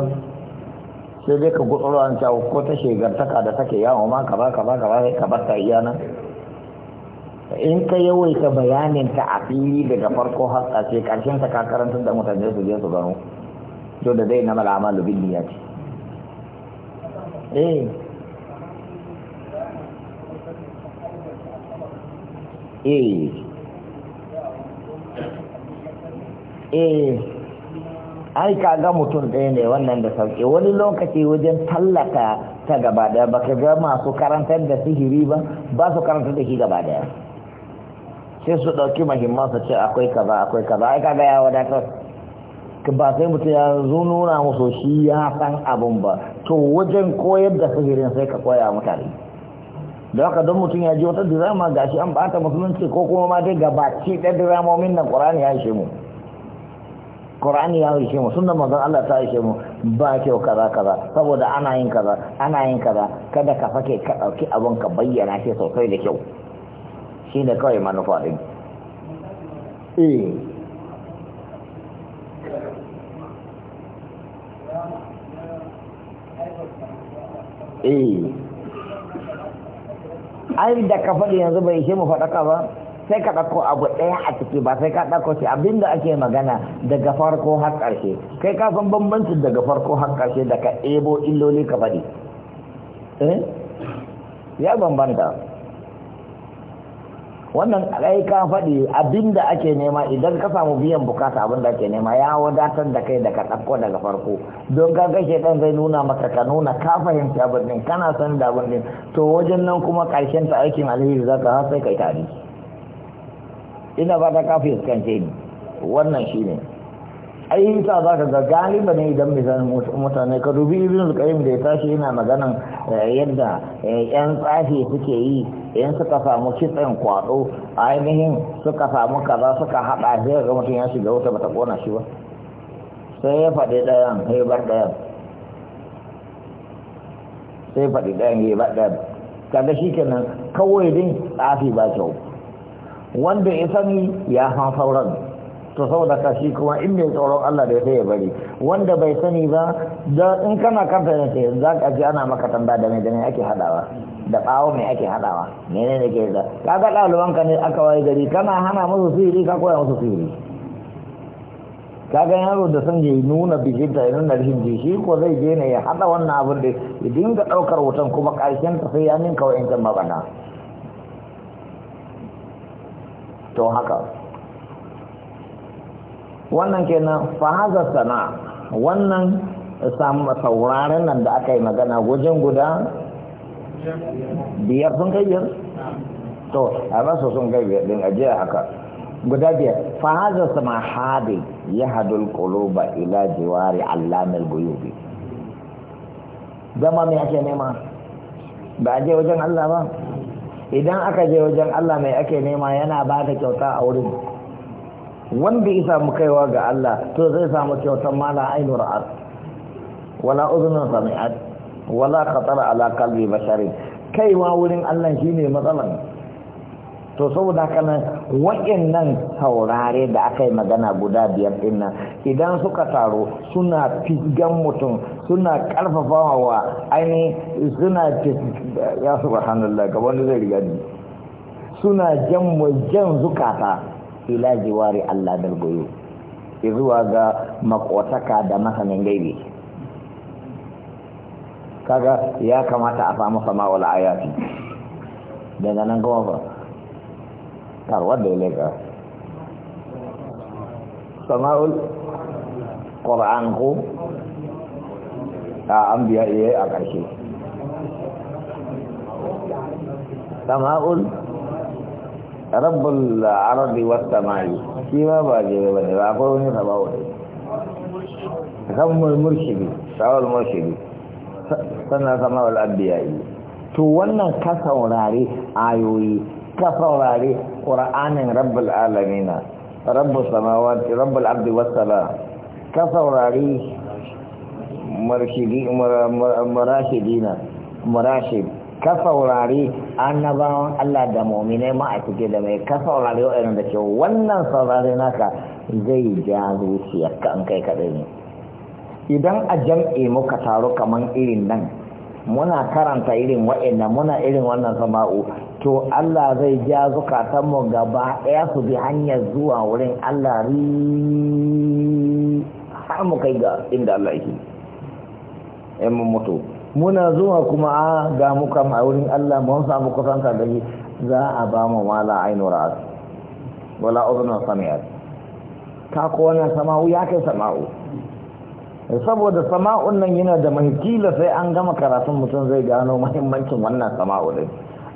sai dai ka gutsuro an cawo ko ta shegartaka da take yawo ma ka ba ka ba ka ba ka bar ta iya nan in ka yawaita bayanin ta a fili daga farko har ƙarshe karshen ta ka karanta da mutane su je su gano to da dai na lubin ya ce. Eh. eh eh ai ga mutum ɗaya ne wannan da sauƙi wani lokaci wajen tallata ta gaba ɗaya ba ka ga masu karantar da sihiri ba ba su karantar da shi gaba ɗaya sai su ɗauki mahimman su ce akwai kaza akwai kaza ai kaga ya wadatar ba sai mutum ya zo nuna musu shi ya san abin ba to wajen koyar da sihirin sai ka koya mutane da haka don mutum ya ji wata dirama ga shi an bata musulunci ko kuma ma dai gabaci ɗan diramomin nan ƙur'ani ya ishe mu ƙorani ya ishe mu suna mazan Allah ta ishe mu ba kyau kaza kaza saboda ana yin kaza ana yin kaza kada ka fake ka ɗauki abun ka bayyana shi sosai da kyau ne kawai manufa ɗin eh Eh. ai da ka faɗi yanzu bai ishe mu faɗaka ba sai ka ɗauko abu ɗaya a ciki ba sai ka ɗauko shi da ake magana daga farko har ƙarshe kai ka san bambanci daga farko har ƙarshe da ɗebo illoli ka faɗi eh? ya bambanta wannan kai ka faɗi abinda ake nema idan ka samu biyan bukata abinda ake nema ya wadatar da kai daga ɗauko daga farko don ka gashe ɗan zai nuna maka ka nuna ka fahimci abin ɗin kana san da abin ɗin to wajen nan kuma ƙarshen ta aikin alheri za ka sai kai tarihi ina ba ta kafin kance ni wannan shine ai za ka ga galiba ne idan misalin mutane ka dubi ibn al da ya tashi yana maganan eh, yadda eh, yan tsafi suke yi yan suka samu kitsen kwado ainihin suka samu kaza suka haɗa zai ga mutum ya shiga wata bata kona shi ba sai ya faɗi ɗayan sai bar ɗayan sai faɗi ɗayan ya bar ɗayan kaga shi kenan kawai din tsafi ba kyau wanda ya sani ya san sauran to saboda ka shi kuma in mai tsoron Allah da sai ya bari wanda bai sani ba da in kana kanta ne sai za ka ji ana maka tamba da mai dane ake hadawa da bawo mai ake hadawa menene ne ke da ka ga ɗaliban ka ne aka waye gari kana hana musu sihiri ka koya musu sihiri ka yaro da san ya nuna bijinta ya nuna rashin ji shi ko zai je ne ya hada wannan abin da ya dinga ɗaukar wutan kuma karshen ta sai ya ninka wa'in can mabana to haka wannan kenan fahaza sana wannan sauraren nan da aka yi magana wajen guda biyar sun kai biyar to a ba su sun kai biyar din jiya haka guda biyar fahaza sama hadi ya hadul quluba ila jiwari allamil guyubi zama mai ake nema ba a je wajen Allah ba idan aka je wajen Allah mai ake nema yana ba da kyauta a wurin wanda ya samu kaiwa ga Allah to zai samu kyautar mala ainu ra'at wala uzunun sami'at wala khatara ala kalbi bashari kaiwa wurin Allah shine matsalan to saboda haka nan waɗannan saurare da aka yi magana guda biyar din idan suka taro suna fisgan mutum suna karfafawa wa aini suna ya subhanallah ga da zai riga suna jan jan zukata ila jiwari Allah dalgoyo zuwa ga makotaka da masanin gaibi. kaga ya kamata a samu sama'ul ayati daga nan kuma ba tarwa da ilaga sama'ul ƙor'an ko a an biya iya a ƙarshe sama'ul rabbul ardi was samai shi ma ba jere bane ba akwai wani sabawa ne kamar murshidi sawal murshidi sannan sama wal abiyai to wannan ka saurare ayoyi ka saurare qur'anin rabbul alamin rabbus samawati rabbul ardi was sama ka saurare murshidi murashidina murashid ka saurari annabawan Allah da muminai ma da mai ka saurari irin da ke wannan saurari naka zai ja ka an kai kaɗai ne idan a jam'i muka taru kaman irin nan muna karanta irin wa'annan muna irin wannan sama'u to Allah zai ja mu gaba ɗaya su bi hanyar zuwa wurin Allah ri har mu kai ga inda Allah yake in mun mutu muna zuwa kuma a ga muka a wurin Allah mun samu kusanta da shi za a ba mu mala ainu ra'as wala udhun sami'at ka ko na sama'u ya kai sama'u saboda sama'un nan yana da mahikila sai an gama karatun mutum zai gano muhimmancin wannan sama'u din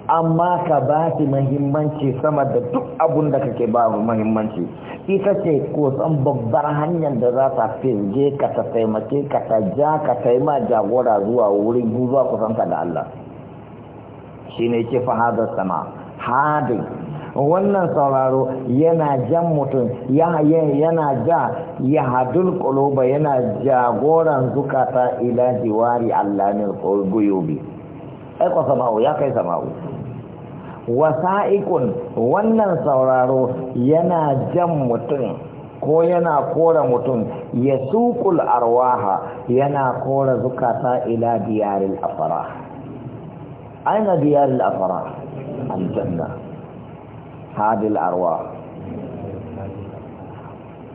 amma ka ba shi mahimmanci sama da duk abun da kake ba mahimmanci ita ce kosan babbar hanyar da za ta firge ka ta taimake ka ta ja ka taima jagora zuwa wurin zuwa ka da Allah shi ne ke fahadar sama hadin wannan sauraro yana jan mutum yana ja ya hadul kuluba yana jagoran zukata ila jiwari allamin guyubi ko sama'u ya kai sama'u Wasa'ikun wannan sauraro yana jan mutum ko yana kora mutum ya suƙul arwaha yana kora zukata ila diyaril afara aina diyaril afara aljanna hadil arwah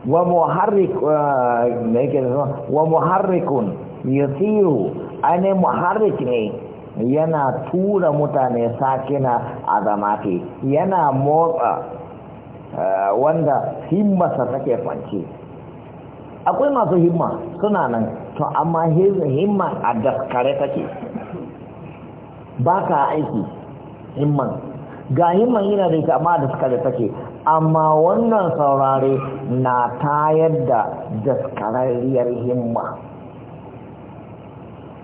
wa muharrik ne uh, yake wa muharrikun yasiru ane muharrik ne yana tura mutane sakina a zamate yana motsa eh, wanda himmasa take kwance akwai masu himma suna nan to amma himma a daskare take ba ka aiki himman ga himman yana da ita amma a daskare take amma wannan saurare na tayar da daskararriyar himma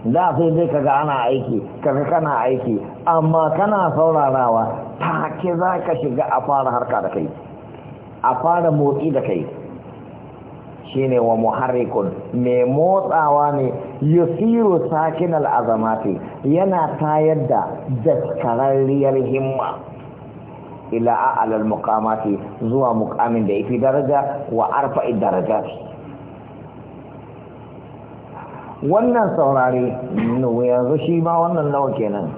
da sai dai kaga ana aiki kaga kana aiki amma kana saurarawa take za ka shiga a fara harka da kai a fara motsi da kai Shi ne wa muharrikun mai motsawa ne yusiru sakin al'azamati yana tayar da daskararriyar himma ila alal muqamati zuwa mukamin da fi daraja wa arfa'i daraja. wannan saurare yanzu shi ma wannan nawa kenan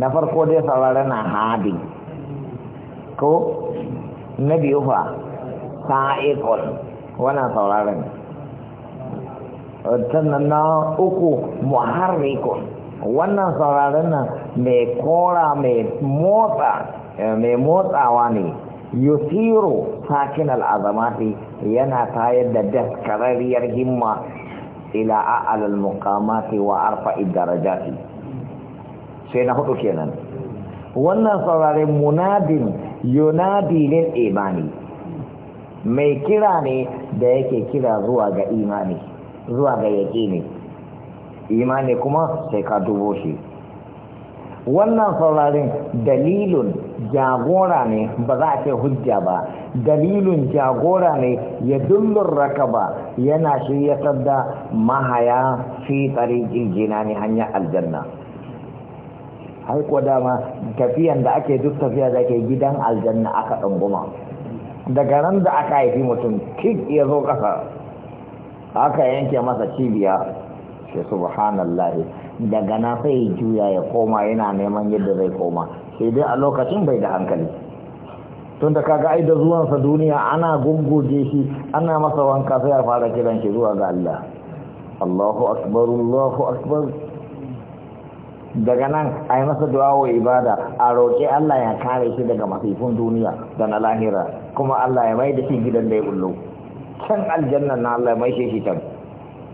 na farko dai saurare na haɗi ko na biyu fa sa'ikon wannan sauraren sannan na uku muharrikon wannan sauraren nan mai kora mai motsa eh, mai motsawa ne yusiro sakin al'azamati yana tayar da daskararriyar himma ila a'al al-muqamati wa arfa'i darajati sai na hudu kenan wannan saurare munadin yunadi lil imani mai kira ne da yake kira zuwa ga imani zuwa ga yaqini imani kuma sai ka dubo shi wannan saurarin dalilun jagora ne ba za a ce hujja ba dalilun jagora ne ya dullun ba yana shiryatar da mahaya fi tsari jirgina ne hanyar aljanna har dama tafiyan da ake duk tafiya da ke gidan aljanna aka ɗanguma daga nan da aka haifi mutum kik ya zo ƙasa aka yanke masa cibiya ke subhanallah daga na sai juya ya koma yana neman yadda zai koma sai dai a lokacin bai da hankali tun da kaga ai da zuwansa duniya ana gunguje shi ana masa wanka sai ya fara kiran shi zuwa ga Allah Allahu akbar Allahu akbar daga nan a yi masa duwawo ibada a roƙi Allah ya kare shi daga masifin duniya da na lahira kuma Allah ya mai da shi gidan da ya bullo can aljanna na Allah ya mai shi can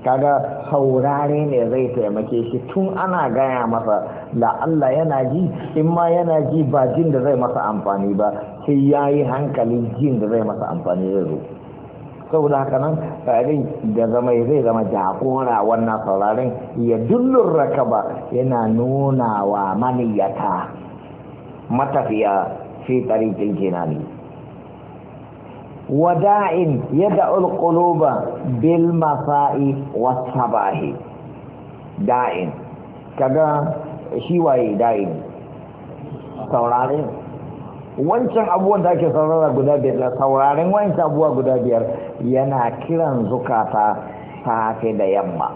kaga saurare ne zai taimake shi tun ana gaya masa da Allah yana ji in ma yana ji ba jin da zai masa amfani ba sai ya yi hankali jin da zai masa amfani zai zo saboda haka nan tsarin da zama zai zama jagora wannan sauraren ya dullun rakaba yana nuna wa maniyata matafiya fi jirgin jinani وداع يدع القلوب بالمساء والصباح داع كذا شي واي داع saurare wancan abubuwan da ake saurara guda biyar da sauraren wancan abubuwa guda biyar yana kiran zukata safe da yamma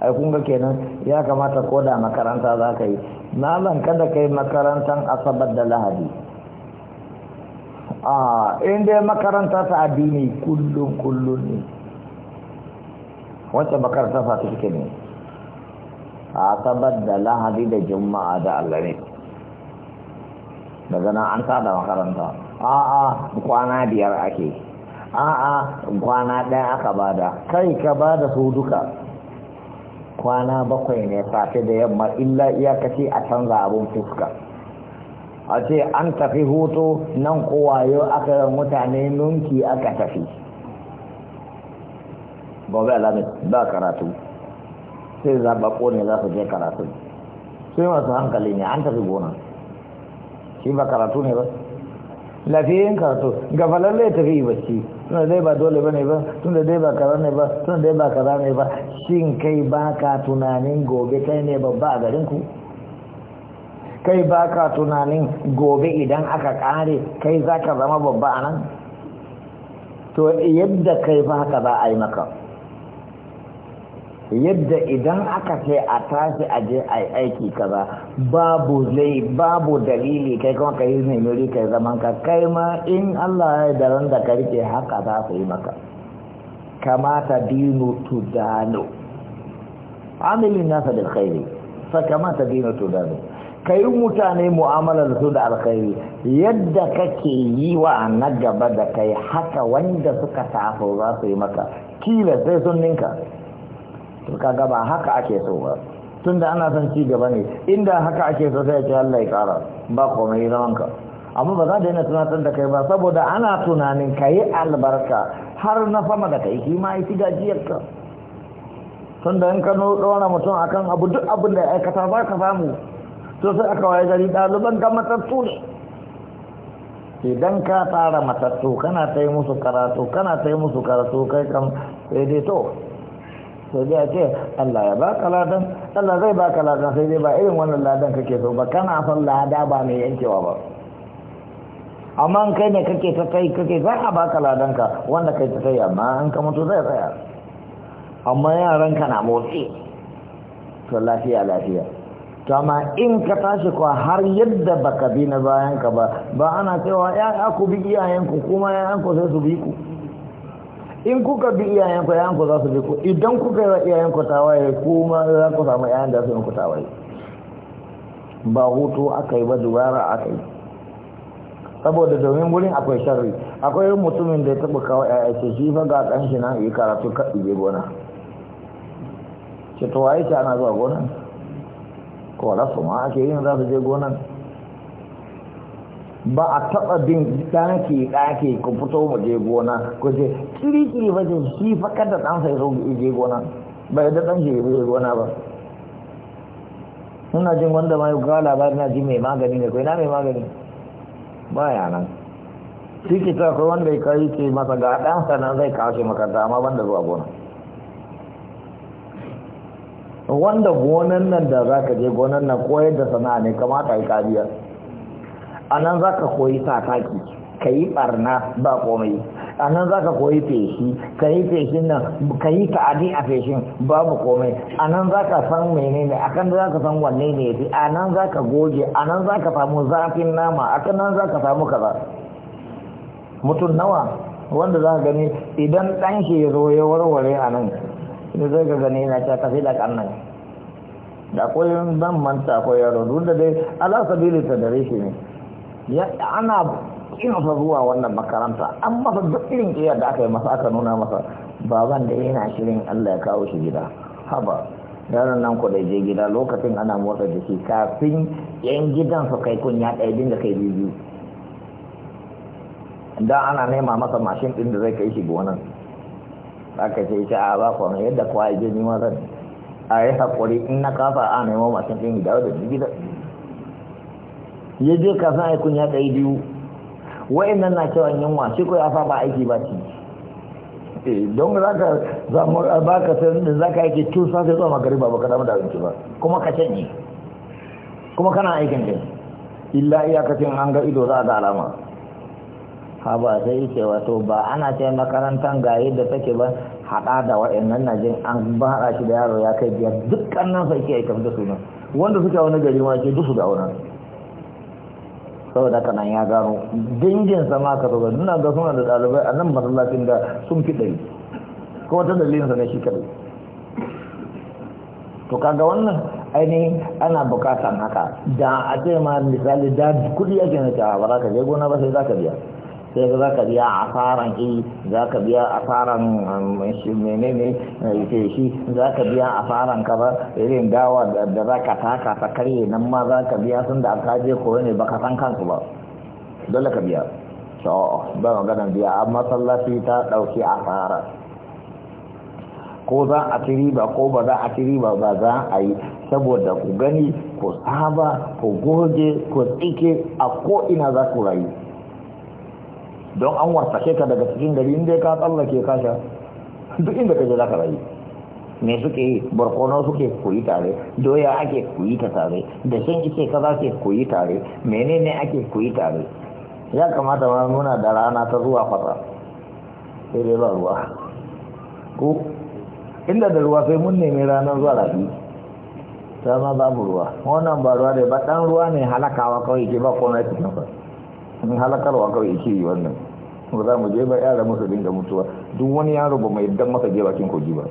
ai kun ga kenan ya kamata ko da makaranta za ka yi na zan kada kai makarantar asabar da lahadi a ah, inda makaranta ta addini kullum kullum ne wacce makaranta ta suke ne a tabbata lahadi da juma'a da ne daga nan an tada makaranta a'a kwana biyar ake a'a kwana ɗaya aka bada kai ka bada su duka kwana bakwai ne safe da yamma illa iyakaci a canza abun fuska a ce an tafi hoto nan kowayo aka yi mutane nunki aka tafi gobe alamis ba karatu sai zaɓa ne za su je karatu sai masu hankali ne an tafi gona shi ba karatu ne ba lafiyayin karatu gaba lallai tafi yi bashi tunda dai ba dole ba ne ba tunda dai ba kara ne ba tunda dai ba kara ne ba shin kai ba ka tunanin gobe kai ne babba a garinku ku kai baka tunanin gobe idan aka kare kai za ka zama babba a nan to yadda kai ba haka za a yi maka yadda idan aka ce a tashi a je a aiki kaza babu zai babu dalili kai kuma ka yi nemiri kai zaman ka kai ma in Allah ya daren da ka rike haka za su yi maka kamata dinu tudano amilin nasa da khairi fa kamata dinu tudano kayi mutane mu'amala da su da alkhairi yadda kake yi wa na gaba da kai haka wanda suka taso za su yi maka kila sai sun ninka to kaga ba haka ake so ba tunda ana son ci gaba ne inda haka ake so sai ce Allah ya kara ba komai zaman ka amma ba za da yana tunatar da kai ba saboda ana tunanin ka albarka har na sama da kai shi ma yi gajiyarka tunda in ka nuna mutum akan abu duk abin da aikata ba ka samu to sai aka waye gari ɗaliban ka matattu ne idan ka tara matattu kana ta yi musu karatu kana ta yi musu karatu kai kan sai dai to sai dai a ce Allah ya baka ladan Allah zai baka ladan sai dai ba irin wannan ladan kake so ba kana son lada ba mai yankewa ba amma kai ne kake ta kai kake za a baka ka wanda kai ta kai amma an ka mutu zai tsaya amma yaran ka na motsi to lafiya lafiya to amma in ka tashi kuwa har yadda baka bi na bayan ka ba ba ana cewa ya'ya ku bi iyayenku kuma ya'yanku sai su bi ku in kuka bi iyayenku ya'yanku za su bi ku idan kuka yi wa iyayenku tawaye kuma za ku samu yayan da su yanku ku tawaye ba hutu aka yi ba dubara aka yi saboda domin wurin akwai sharri akwai mutumin da ya taɓa kawo ya'ya ce shi fa ga ɗan shi na yi karatu kaɗi je gona ce to waye ce ana zuwa gona kora su ma ake yin za su je gonan ba a taba bin ɗaki ɗaki ku fito mu je gona ku je kiri-kiri ba jin shi fa kada ɗansa ya zo je gona ba yadda ɗan shi je gona ba suna jin wanda ma yi kawai labarin na ji mai magani ne kai na mai magani ba ya nan shi ke ta akwai wanda ya kai ce masa ga ɗansa nan zai kawo shi makaranta amma banda zuwa gona wanda gonan nan da za ka je gonan nan koyar da sana'a ne kamata yi kariya a nan za ka koyi sataki ka yi barna ba komai a nan za ka koyi feshi ka yi feshin nan ka yi ta'adi a feshin babu komai a nan za ka san menene a kan za ka san wanne ne fi a nan za ka goge a nan za ka samu zafin nama a kan nan za ka samu kaza mutum nawa wanda za ka gani idan ɗan shi ya zo ya warware a nan sai zai ga gani na ta tafi da nan da akwai zan manta akwai yaro duk da dai ala sabili ta dare shi ne ana ina fa zuwa wannan makaranta an masa duk irin iya da aka yi masa aka nuna masa baban da yana shirin Allah ya kawo shi gida haba yaron nan ku da je gida lokacin ana motsa jiki kafin yan gidan su kai kunya ɗaya dinga kai biyu da ana nema masa mashin ɗin da zai kai shi gonan aka ce ita a ba kwanu yadda kuwa ya je nima zan a yi haƙuri in na kafa a nemo masu ɗin gidawa da gida ya je kafin aikun ya ɗai biyu nan na cewa yunwa shi ko ya fa ba aiki ba ci eh, don za ka zamu ba ka sanin za ka aiki tun sai zuwa magariba ba ka damu da abinci ba kuma ka canye kuma kana aikin kai illa iyakacin an ga ido za a ga alama haba sai ce wato ba ana ce makarantar ga yadda take ba hada da wa'annan najin an ba shi da yaro ya kai biyar dukkan nan sai ke aikam da sunan wanda suke wani gari ma ke dusu da auren saboda kanan ya gano dangin sama ka zo nuna ga suna da ɗalibai a nan masallacin da sun fi ɗari ko wata dalilin sa ne shi kadai to kaga wannan aini ana bukatan haka da a ce ma misali da kuɗi ake na cewa ba za ka je gona ba sai za ka biya sai za ka biya asaran i za ka biya asaran um, shi menene ce shi za ka biya asaran kaza irin dawa da za ka taka ta karye nan ma za ka biya sun da ka je koyo ne baka san kansu ba dole ka biya so ba maganan biya amma sallafi ta dauki asara ko za a ci riba ko ba za a ci riba ba za a yi saboda ku gani ku saba ku goge ku tsike a ko ina za ku rayu don an wartake ka daga cikin gari inda ka tsallake ka sha duk inda ka je za ka rayu me suke yi barkono suke koyi tare doya ake koyi ta tare da shan ka za ke koyi tare menene ake koyi tare ya kamata ma muna da rana ta zuwa fata sai dai ba ruwa ko inda da ruwa sai mun nemi ranar zuwa rafi ta ma babu ruwa wannan ba ruwa dai ba dan ruwa ne halakawa kawai ke ba komai cikin sa in halakarwa kawai ke yi wannan ba za mu je ba yara musu dinga mutuwa duk wani yaro ba mai dan maka je bakin kogi ba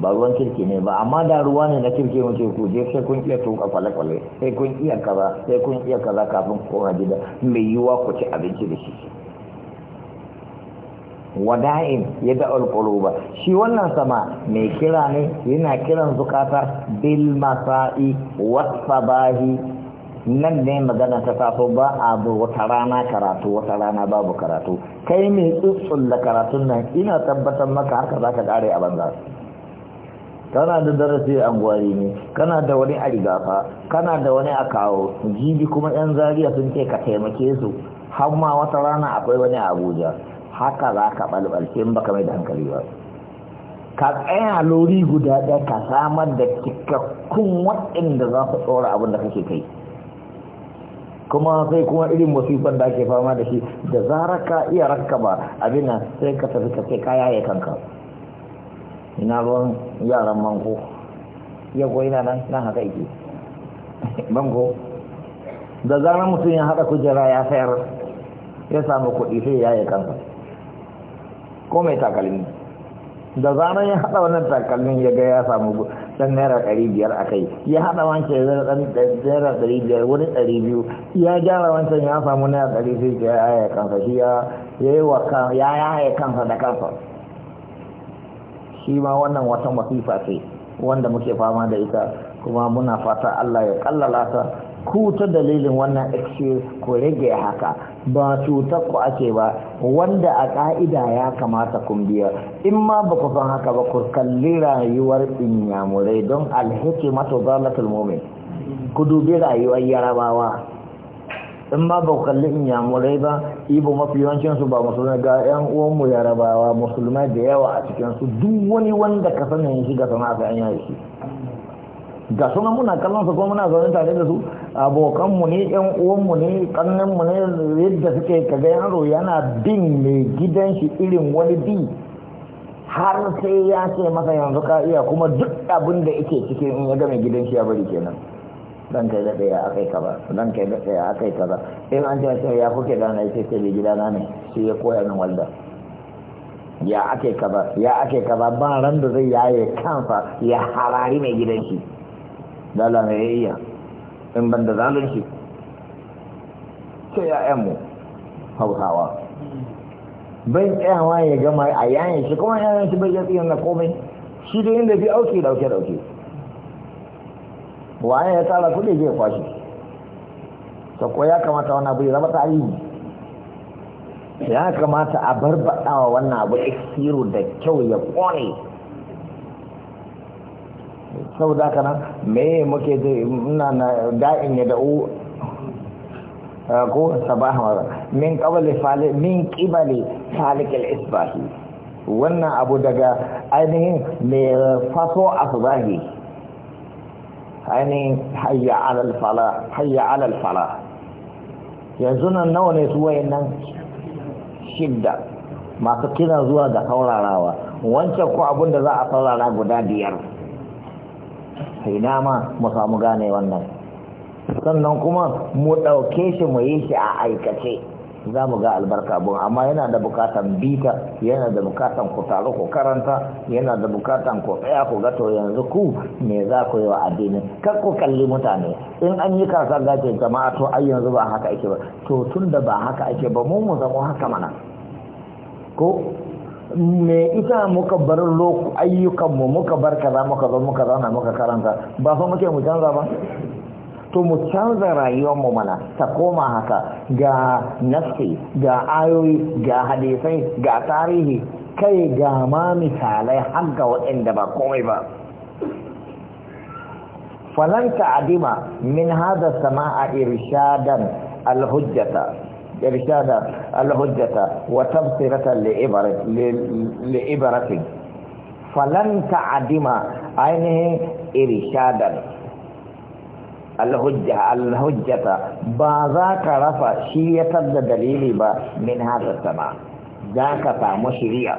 ba ruwan kirki ne ba amma da ruwa ne na kirki mu ce ku je sai kun iya tuka kwale-kwale sai kun iya kaza sai kun iya kaza kafin koma gida mai yiwuwa ku ci abinci da shi wada'in ya da ba shi wannan sama mai kira ne yana kiran zukata bil masa'i wasabahi nan ne magana ta safo ba a wata rana karatu wata rana babu karatu kai mai tsutsun da karatun nan ina tabbatar maka haka za ka kare a banza kana da darasi a gwari ne kana da wani a rigafa kana da wani a kawo jibi kuma yan zariya sun ce ka taimake su har ma wata rana akwai wani a abuja haka za ka balbalce in baka mai da hankali ba ka tsaya lori guda ɗaya ka samar da cikakkun waɗanda za su tsora abin da kake kai kuma sai kuma irin musifan da ake fama da shi da zarar ka iya rakkaba abin nan sai ka tafi ka sai ka yaye kanka ina ruwan yaran mango ya goyi na nan nan haka yake mango da zarar mutum ya haɗa kujera ya sayar ya samu kuɗi sai ya yaye kanka ko mai takalmi da zanen ya haɗa wannan takalmin ya ga ya samu ɗan naira ɗari biyar a kai ya haɗa wancan ya ɗan naira ɗari biyar wani ɗari biyu ya gyara wancan ya samu naira ɗari sai ya yaya kansa shi ya yi wa kan ya yaya kansa da kansa shi ma wannan wata masifa ce wanda muke fama da ita kuma muna fata Allah ya kallala ta ku ta dalilin wannan excuse ku rage haka ba cutar ku ake ba wanda a ka'ida ya kamata kun biya in ma ba ku san haka ba ku kalli rayuwar inyamurai don alhiki mato zalatul mumin ku dubi rayuwar yarabawa in ma ba ku kalli inyamurai ba ibo mafi yawancin su ba musulmai ga yan uwanmu yarabawa musulmai da yawa a cikin su duk wani wanda ka sanin shi ga sana'a sai an yi shi ga suna muna kallon su ko muna zaune tare da su abokanmu ne yan uwanmu ne kannanmu ne yadda suke kaga yaro yana bin mai gidan shi irin wani bi har sai ya ce masa yanzu ka iya kuma duk abin da yake cikin in ya ga mai gidan shi ya bari kenan dan kai da daya akai kaza dan kai da daya akai kaza in an ce ya kuke da na sai sai gida na ne sai ya koya min walda ya ake kaza ya ake kaza ba ran da zai yaye kansa ya harari mai gidan shi dala mai iya in ban da zalunci ce ya'yanmu hausawa bai tsayawa ya gama a yayin shi kuma yayin shi bai yatsi na komai shi da inda fi auki dauke dauke waye ya tara kuɗi zai kwashi to ko ya kamata wannan abu ya zama tarihi ya kamata a barbaɗawa wannan abu ikiru da kyau ya ƙone saboda haka nan me muke da ina na da'in ya da'u eh, ko sabah mara min qabli fali min qibali falik isbahi wannan abu daga ainihin me faso asbahi ainihin hayya alal fala hayya alal fala yanzu nan nawa ne su wayannan shidda masu kiran zuwa ga saurarawa wancan ko abin da za a saurara guda biyar sai nama mu samu gane wannan sannan kuma mu ɗauke shi mu yi shi a aikace za mu ga albarka bun amma yana da bukatan bita yana da bukatan ku taru ku karanta yana da bukatan ku tsaya ku ga to yanzu ku me za ku yi wa addini kar ku kalli mutane in an yi kasa gace jama'a to ai yanzu ba haka ake ba to tun ba haka ake ba mu mu zama haka mana ko me ita muka bar ayyukanmu muka bar kaza muka zo muka zauna muka karanta ba fa muke mu canza ba to mu canza rayuwar mu mana ta koma haka ga nafsi ga ayoyi ga hadisai ga tarihi kai ga ma misalai har ga waɗanda ba komai ba falanta adima min hada sama'a irshadan alhujjata إرشاد الحجة وتبصرة لإبرة, لإبرة فلن تعدم عينه إرشادا الحجة الحجة بذاك رفع شيئة الدليل من هذا السماء ذاك فهم شريعة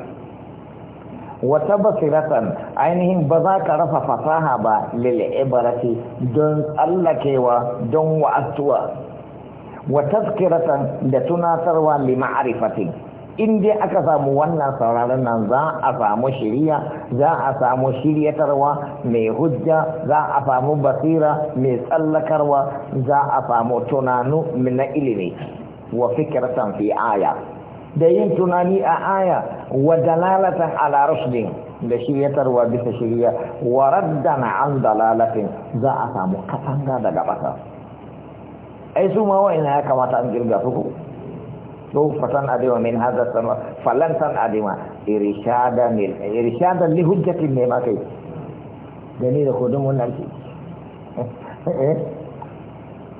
wata basiratan ainihin ba za ka rasa fasaha ba lil'ibarati don tsallakewa don wa'atuwa wa tazkiratan da tunatarwa li ma'rifatin in dai aka samu wannan sauraron nan za a samu shiriya za a samu shiryatarwa mai hujja za a samu basira mai tsallakarwa za a samu tunanu na ilimi wa fikiratan fi aya da yin tunani a aya wa dalalatan ala rushdin da shiryatarwa bisa shirya wa raddana an dalalatin za a samu katanga daga bata ai su ma wa'ina ya kamata an girga su ko to fatan adima min hadha sama falan san adima irshada min irshada li hujjatin ne ma kai dani da kodin wannan ce eh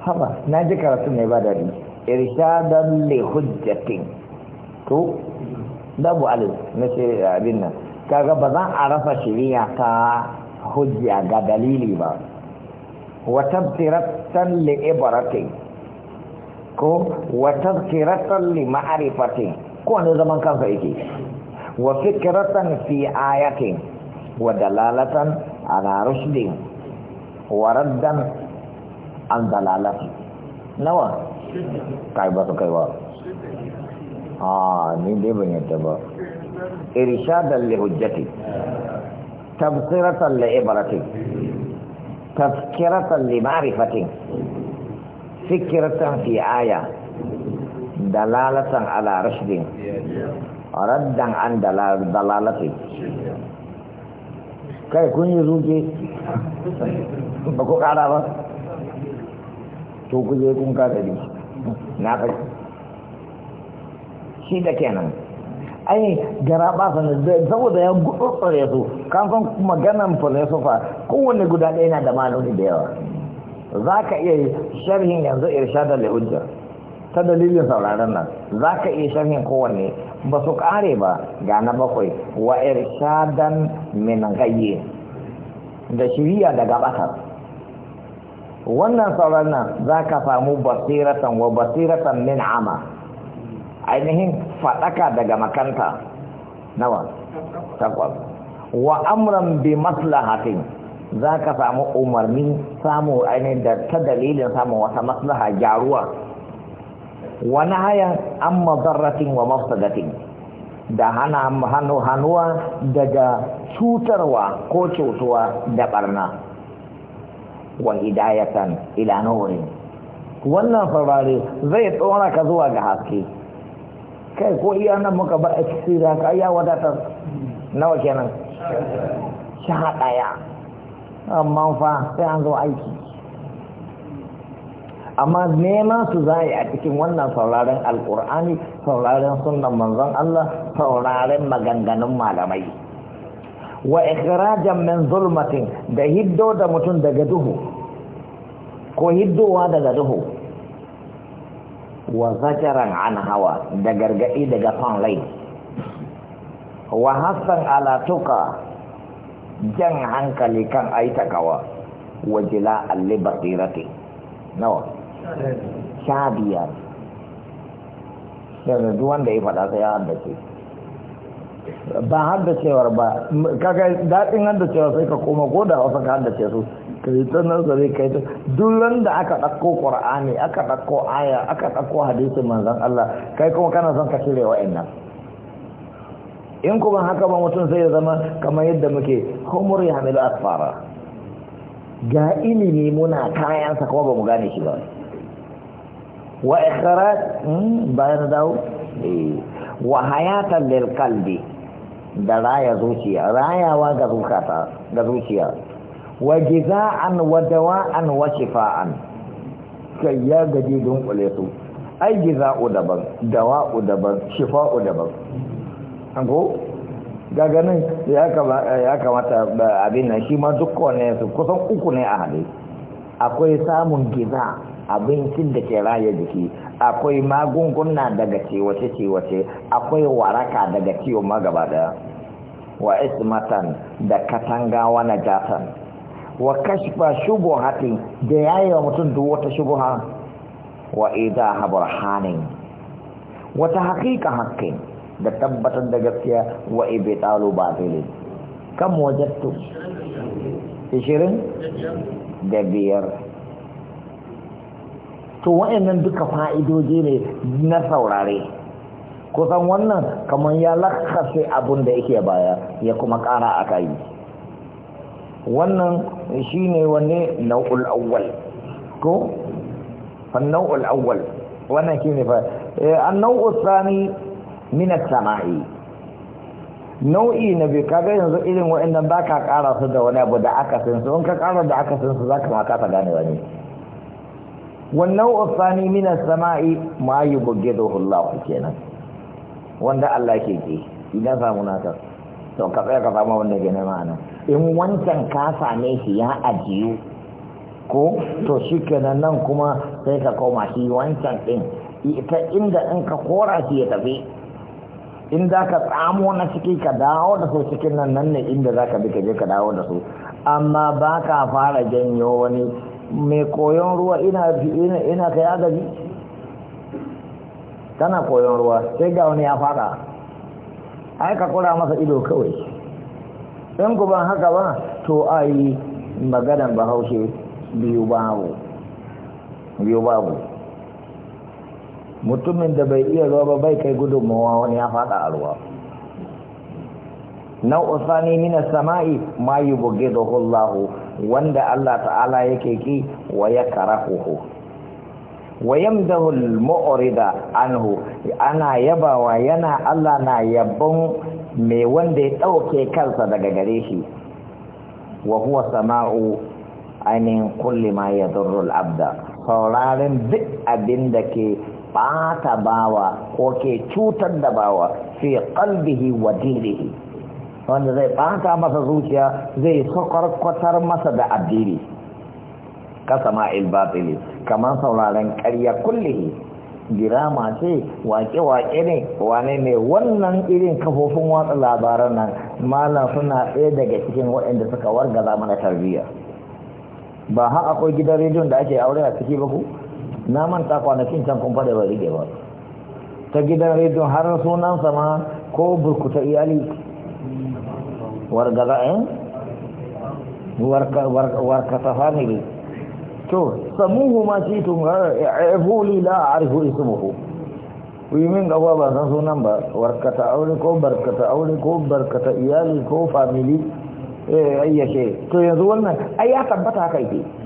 haba na ji karatu ne ba dadi irshada li hujjatin to bu alu na ce abin nan kaga ba zan a rasa shiriya ta hujja ga dalili ba wa tabtiratan li ibratin ko wa tazkiratan li ma'rifatin ko ne zaman kansa yake wa fikratan fi ayatin wa dalalatan ala rushdin wa raddan an dalalati nawa kai ba su kai ba ha ni dai ban yadda ba irshadan li hujjati tabsiratan li ibrati tazkiratan li ma'rifatin fikiratan fi aya dalalatan ala rashdin raddan an dalalati kai kun yi zuke ba ku kara ba to ku je kun kada ne na kai shi da kenan ai gara ba san da saboda ya gudu tsare su kan ne so fa kowanne guda ɗaya na da maloli da yawa za ka iya sharhin yanzu irshadar hujja ta dalilin sauraron nan za ka iya sharhin kowanne ba su kare ba ga na bakwai wa irshadan min gayye da shirya daga bakar wannan sauran nan za ka samu basiratan wa basiratan min ama ainihin faɗaka daga makanta nawa takwas wa amran bi maslahatin za ka samu umarnin samu ainihin da ta dalilin samun wata maslaha gyaruwa wani hayan an mazarratin wa mafsadatin da hana hannu hannuwa daga cutarwa ko cutuwa da barna wa hidayatan ila wannan farare zai tsora ka zuwa ga haske kai ko iya nan muka ba a cikin ka ya wadatar nawa kenan sha ɗaya amma fa sai an zo aiki amma neman su za a cikin wannan sauraren alkur'ani sauraren sunan manzon Allah sauraren maganganun malamai wa ikhrajan min zulmatin da hiddo da mutum daga duhu ko hiddowa daga duhu wa zajaran an hawa da gargadi daga fan rai wa hassan ala tuka jan hankali kan a yi takawa wajila allibar tsirate nawa sha biyar yanzu wanda ya faɗa sai ya haddace ba haddacewar ba kaga daɗin haddacewar sai ka koma ko da wasu ka haddace su ka ta nazari kai ta duk da aka ɗauko ƙur'ani aka ɗauko aya aka ɗauko hadisin manzan Allah kai kuma kana son ka cire wa'annan in kuma haka ba mutum sai ya zama kamar yadda muke humur ya hamilu asfara ga ilimi muna kayansa kuma ba mu gane shi ba wa ikharat hmm, bayan dawo eh. wa hayatan lil qalbi da raya zuciya rayawa ga zukata ga zuciya wa jiza'an wa dawa'an wa shifa'an kai ya gaji don kule ai jiza'u daban dawa'u daban shifa'u daban ko gaganin ya kamata abin nan shi ma duk su kusan uku ne a hade akwai samun giza abincin da ke raya jiki akwai magunguna daga ciwace-ciwace akwai waraka daga ciwo magaba daya wa ismatan da katanga wani jatan wa kashfa shubuhatin da yayi wa mutum duk wata shubuha wa idha burhanin wata haqiqa haqqin da tabbatar da gaskiya wa ibtalu batili kam wajattu 20 da biyar to wa'annan duka fa'idoji ne na saurare kusan wannan kamar ya lakasa abun da yake baya ya kuma kara akai wannan shine wanne nau'ul awwal ko fa nau'ul awwal wannan shine fa eh, an nau'ul thani minas sama'i nau'i na biyu kaga yanzu irin waɗannan ba ka ƙara su da wani abu da aka sin su in ka ƙara da aka sin su za ka ma kasa ganewa ne wannan usani minas sama'i ma yi buge da hullahu kenan wanda Allah ke ke idan samu naka to ka tsaya ka samu wanda ke nema nan in wancan ka same shi ya ajiyu ko to shi kenan nan kuma sai ka koma shi wancan ɗin, ita inda in ka kora shi ya tafi in za ka tsamo na ciki ka dawo da su cikin nan nan ne inda za ka bi ka je ka dawo da su amma ba ka fara janyo wani mai koyon ruwa ina kai agaji tana koyon ruwa sai ga wani ya fara ai ka kura masa ido kawai in ku ban haka ba to a yi maganan bahaushe biyu biyu babu mutumin da bai iya ruwa ba bai kai gudunmawa wani ya fada a ruwa nau'u sani mina sama'i ma yi buge da hullahu wanda Allah ta'ala yake ki wa ya karahuhu wa yamdahul mu'rida anhu ana yabawa yana Allah na yabon mai wanda ya dauke kansa daga gare shi wa huwa sama'u anin kulli ma yadurru al-abda sauraren duk abin da ke bata bawa ko ke cutar da bawa fi qalbihi wa dinihi wanda zai bata masa zuciya zai sakarkwatar masa da addini kasama ilbatili kamar sauraren ƙarya kullihi girama ce wake wake ne wane ne wannan irin kafofin watsa labaran nan malam suna ɗaya daga cikin waɗanda suka wargaza mana tarbiyya ba ha akwai gidan rediyon da ake aure a ciki ba ku na manta kwanakin can kun fada ba rike ba ta gidan rediyon har sunan sama ko burkuta iyali wargaza ɗin eh? warkata family to samuhu ma shi tun ibuli eh, eh, la a arifu ismuhu min gaba ba san sunan ba warkata aure ko barkata aure ko barkata iyali ko family ayyake to yanzu wannan ai ya tabbata haka ke.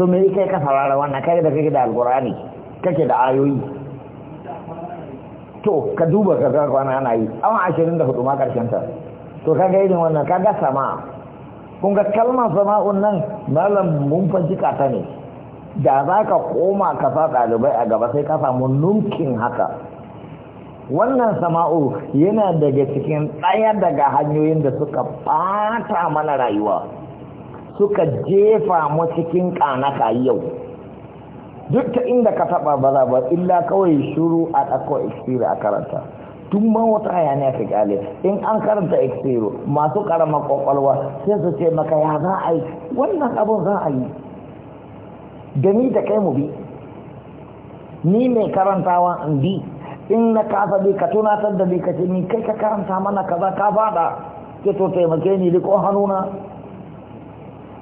to me kai ka saurara wannan kai da kake da alqur'ani kake da ayoyi to ka duba ka ga kwana ana yi awa 24 ma karshen ta to kaga irin wannan kaga sama kun ga kalmar sama'un nan malam mun fajika ta ne da za ka koma ka sa ɗalibai a gaba sai ka samu nunkin haka wannan sama'u yana daga cikin ɗaya daga hanyoyin da suka ɓata mana rayuwa suka jefa mu cikin kanaka yau duk ta inda ka taba ba za ba illa kawai shuru a ɗako expire a karanta tun ma wata ya ne ka gale in an karanta expire masu karama kwakwalwa sai su ce maka ya za a yi wannan abun za a yi da da kai mu bi ni mai karantawa in bi in na kasa bi ka tunatar da bi ka ce ni kai ka karanta mana kaza ka fada ke to taimake ni liko hannuna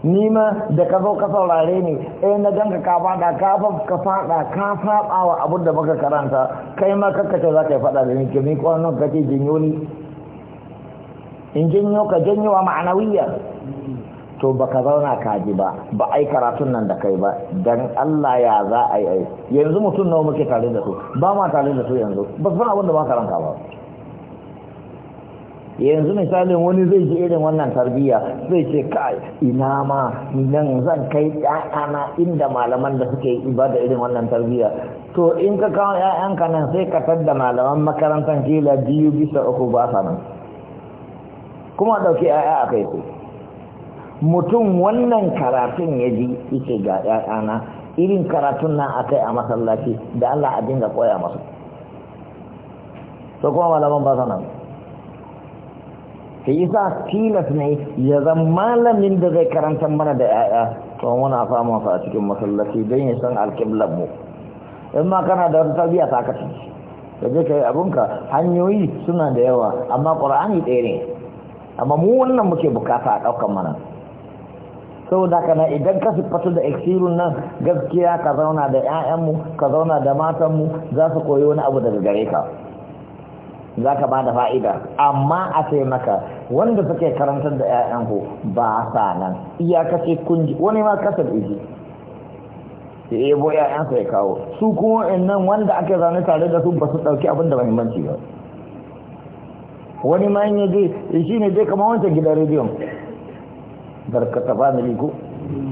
ni ma da ka zo ka saurare ni eh na ganka ka fada ka ka fada ka saba wa abin da baka karanta kai ma ce za ka yi fada da ni ke mi kwanon ka ce jinyo ni in jinyo ka janyo wa ma'anawiya to baka zauna kaji ba ba ai karatun nan da kai ba dan Allah ya za a yi yanzu mutum nawa muke tare da su ba ma tare da su yanzu ba san abin da ba karanta ba yanzu misalin wani zai ji irin wannan tarbiyya zai ce kai ina ma nan zan kai ƴaƴana inda malaman da suke ibada irin wannan tarbiyya to in ka kawo ƴaƴanka nan sai ka tadda malaman makarantar kila biyu bisa uku ba sa nan kuma ɗauki ƴaƴa a kai ku mutum wannan karatun ya ji yake ga ƴaƴana irin karatun nan a kai a masallaci da Allah a dinga koya masu to kuma malaman ba sa nan ta yi tilas ne ya zan malamin da zai karanta mana da yaya to muna samu a cikin masallaci don ya san alƙiblar mu in ma kana da wata tarbiyya ta ka da zai kai ka abinka hanyoyi suna da yawa amma ƙura'ani ɗaya ne amma mu wannan muke bukata a ɗaukan mana saboda kana idan ka siffatu da iksirun nan gaskiya ka zauna da 'ya'yanmu ka zauna da matanmu za su koyi wani abu daga gare ka za ka ba da fa'ida amma a sai maka wanda suke karantar da ku ba sa nan iyakace kunji wani ma kasar iji ya yabo 'ya'yansa ya kawo su kuma nan wanda ake zane tare da su ba su ɗauki abin da mahimmanci ba wani ma ya je shi ne dai kama wancan gidan rediyon barkata bani ko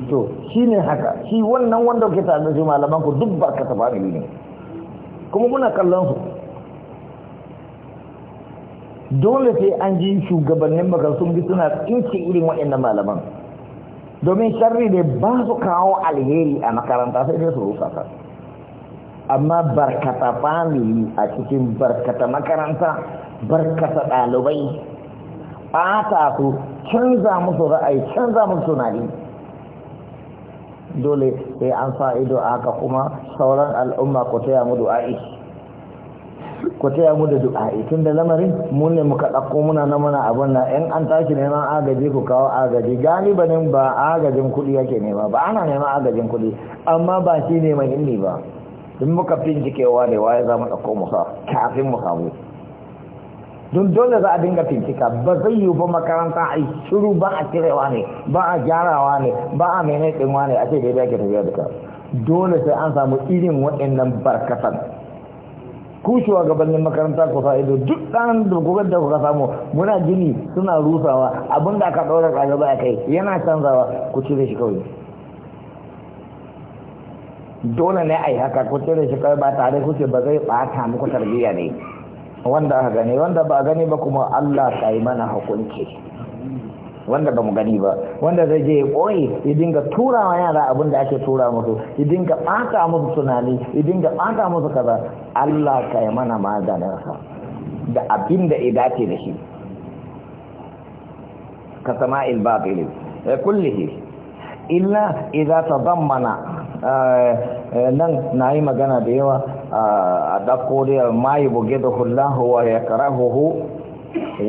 to shi ne haka shi wannan wanda ke tare da su malaman ku duk barkata bani ne kuma muna kallon su dole sai an ji shugabannin maka sun bi suna tsinci irin waɗannan malaman domin sharri ne ba su kawo alheri a makaranta sai dai su rusa ta amma barkata famili a cikin barkata makaranta barkata ɗalibai ɓata su canza musu ra'ayi canza musu tunani dole sai an sa ido a haka kuma sauran al'umma ku taya mu du'a'i ku taya mu da du'a eh, tun da lamarin mu ne muka ɗauko muna na mana abin nan in an tashi neman agaji ku kawo agaji galibanin ba agajin kuɗi yake nema ba ana neman agajin kuɗi amma ba shi ne muhimmi ba in muka fincikewa ne waye za mu ɗauko musa kafin mu samu don dole za a dinga fincika ba zai yiwu ba makaranta a shiru ba a cirewa ne ba a gyarawa ne ba a mene ɗinwa ne a ce daidai ake tafiya da ka dole sai an samu irin waɗannan barkatan ku gabanin makaranta ku sa ido duk ɗan ku da kuka samu muna gini suna rusawa abinda aka ɗaura a a kai yana canzawa ku cire shi kawai dole ne a yi haka ku cire shi kawai ba tare ce ba zai ɓata muku tarbiyya ne wanda aka gani wanda ba gani ba kuma Allah ka yi mana hukunci wanda ba mu gani ba wanda zai je koyi ya dinga tura wa yara abin da ake tura musu ya dinga ɓata musu tunani ya dinga ɓata musu kaza Allah ka yi mana maganinsa da abin da ya dace da shi ka sama ilbabili ya eh, kullihi illa ban mana. Eh, eh, nan na yi magana da yawa a dakoriyar da mayu buge da hullahu wa ya hu.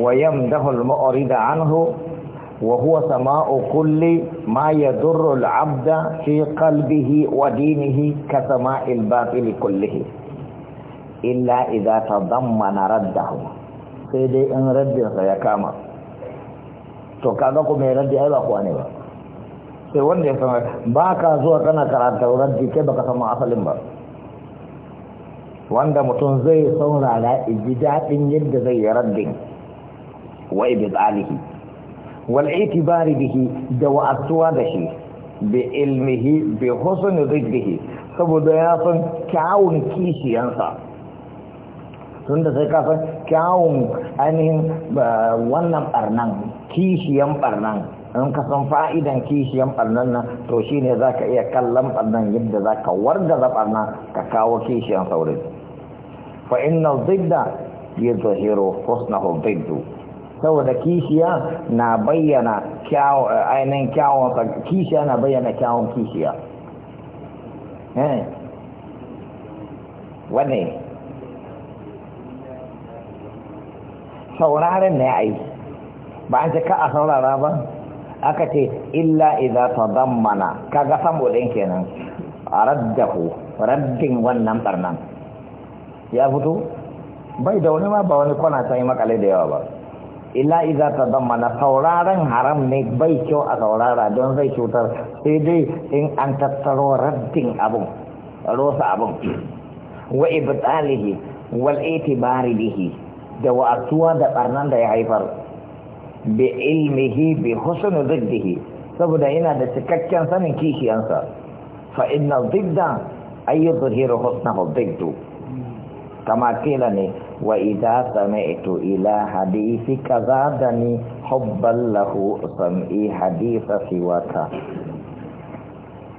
wa yamdahu al da anhu وهو سماء كل ما يضر العبد في قلبه ودينه كسماء الباطل كله إلا إذا تضمن رده سيدي إن رده سيكاما to kaga ko mai raddi ai ba kuwa ne ba sai wanda ya san ba ka zuwa kana karanta raddi kai baka san asalin ba wanda mutum zai saurara ji daɗin yadda zai yi raddin wa tsalihi. walitibari itibari bihi da wa'atuwa da shi bi ilmihi bi husni zikrihi saboda ya san kyawun kishiyansa tunda sai ka san kyawun ainihin wannan barnan kishiyan barnan in ka san fa'idan kishiyan barnan nan to shine zaka iya kallon barnan yadda za ka wargaza barnan ka kawo kishiyan saurin fa inna zidda yadhahiru husnahu ziddu saboda kishiya na bayyana ainihin kyawun kishiya na bayyana kyawun kishiya eh. wane sauraren ne ai ba an ce ka a saurara ba aka ce illa idza tadammana kaga samu din kenan raddahu raddin wannan ɓarnan ya fito bai da wani ma ba wani kwana ta yi makale da yawa ba illa iza ta na sauraron haram ne bai kyau a saurara don zai cutar sai dai in an tattaro raddin abun rosa abun wa ibtalihi wal itibari bihi da wa'atuwa da barnan da ya haifar bi ilmihi bi husnu ziddihi saboda yana da cikakken sanin kishiyansa fa inna ziddan ay yuzhiru husnahu ziddu kila ne wa idza sami'tu ila hadithi kaza da ni hubban lahu sam'i haditha siwaka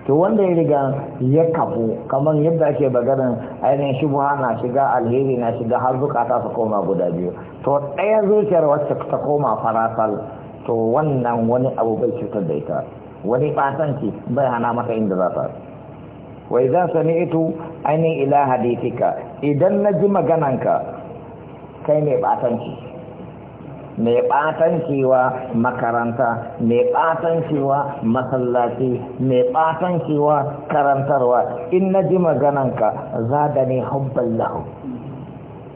to wanda ya riga ya kafu kamar yadda ake bagarin ainihin shubuha na shiga alheri na shiga har zukata su koma guda biyu to ɗaya zuciyar wacce ta koma farasal to wannan wani abu bai cutar da ita wani batanci bai hana maka inda za ta wa sani ito ainihin ila hadithika idan na ji magananka kai mai batanci mai batancewa makaranta mai batancewa masallaci mai batancewa karantarwa in na ji magananka da ne hubbal lahu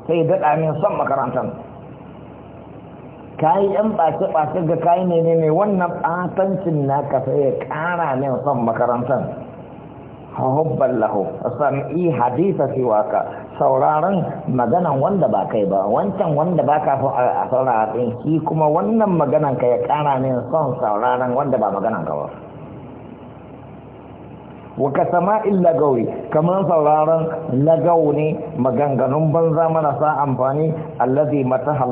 sai daɗa min son makarantar kayi yan ɓace-ɓace ga kayi ne ne wannan ɓatancin na kasa ya ƙara min son makarantar hubban lahu sam'i hadisa siwaka sauraron maganan wanda ba kai ba wancan wanda ba ka a sauraron shi kuma wannan maganan ka ya kara min son sauraron wanda ba maganan ka ba wa ka sama'il lagawi kamar sauraron na ne maganganun banza marasa amfani allazi madaha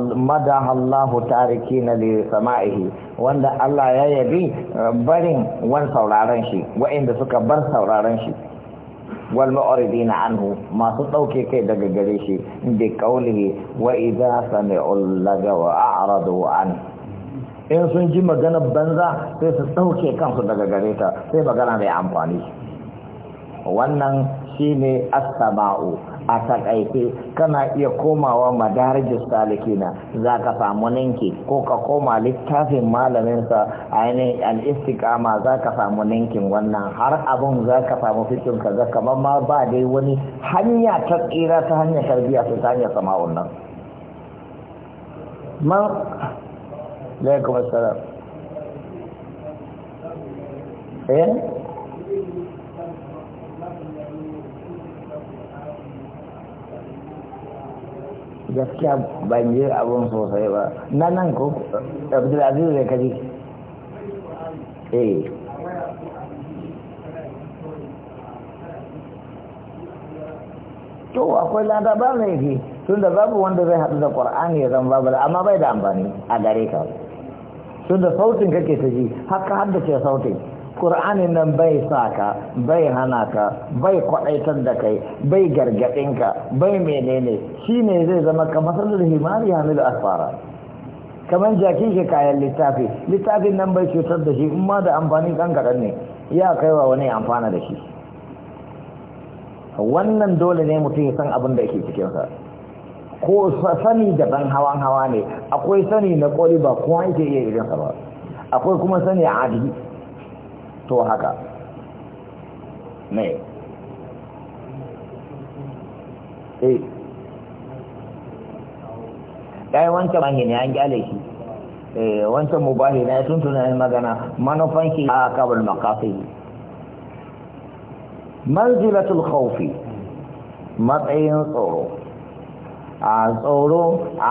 tariki na li sama'ihi wanda Allah ya yabi eh, barin wan sauraron shi wa'inda suka bar sauraron shi wal na anhu masu ɗauke kai daga gare shi bi qawlihi wa idza sami'u lagawa a'radu an. in sun ji maganar banza sai su ɗauke kansu daga gare ta sai magana mai amfani wannan shine as samau a takaice kana iya komawa Madarijis salikina za ka samu ninki ko ka koma littafin malaminsa a yanayin al'istikama za ka samu ninkin wannan har abun za ka samu fikin ka za kamar ma ba dai wani hanya ta tsira ta hanyar tarbiyya ta hanyar sama'un nan man Kuma assalam eh gaskiya ban yi abin sosai ba na nan ko abdulaziz zai kaji eh to akwai lada ba mai fi tun da babu wanda zai haɗu da ƙwar'ani ya zama babu amma bai da amfani a gare ka tun da sautin kake ta ji haka haddace sautin ƙur'anin nan bai sa ka bai hana ka bai kwaɗaitar da kai bai gargaɗinka bai menene shi ne zai zama kamar sallar himari hamil asfara kamar jaki ke kayan littafi littafin nan bai cutar da shi in ma da amfani kan kaɗan ne ya kaiwa wani amfana da shi wannan dole ne mutum ya san abin da yake cikinsa ko sani daban hawan hawa ne akwai sani na ƙoli ba kowa yake iya irinsa ba akwai kuma sani a adi to haka ne eh dai wancan bangi ne an gyale shi eh wancan mubahi na tuntuna magana manufan shi a kabul maqasid manzilatul khawfi matsayin tsoro a tsoro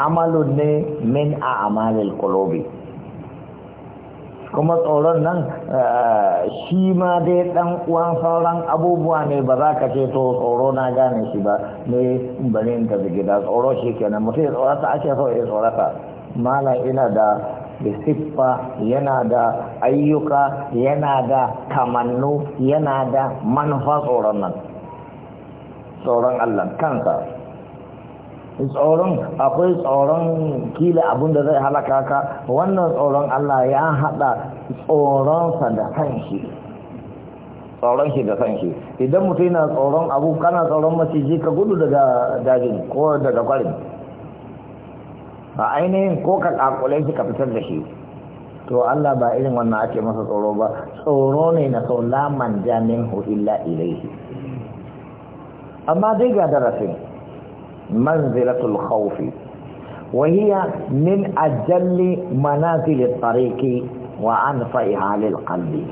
amalun ne min a amalil qulubi kuma tsoron nan eh, shi ma dai ɗan uwan sauran abubuwa ne ba za ka ce to tsoro na gane shi ba ne bari in tafi gida tsoro shi kenan mutum ya tsorata ake so ya tsorata malam ina da siffa yana da ayyuka yana da kamannu yana da manufa tsoron nan tsoron allah kansa tsoron akwai tsoron kila abun da zai halaka ka wannan tsoron Allah ya haɗa tsoronsa da kanshi tsoron shi da kanshi idan mutum yana tsoron abu kana tsoron maciji ka gudu daga dajin ko daga kwarin a ainihin ko ka kakule shi ka fitar da shi to Allah ba irin wannan ake masa tsoro ba tsoro ne na saulaman jamin hu illa ilaihi amma dai ga darasin manzilatu al-khawf wa a jalli ajalli manazil at-tariqi wa anfa'iha lil-qalbi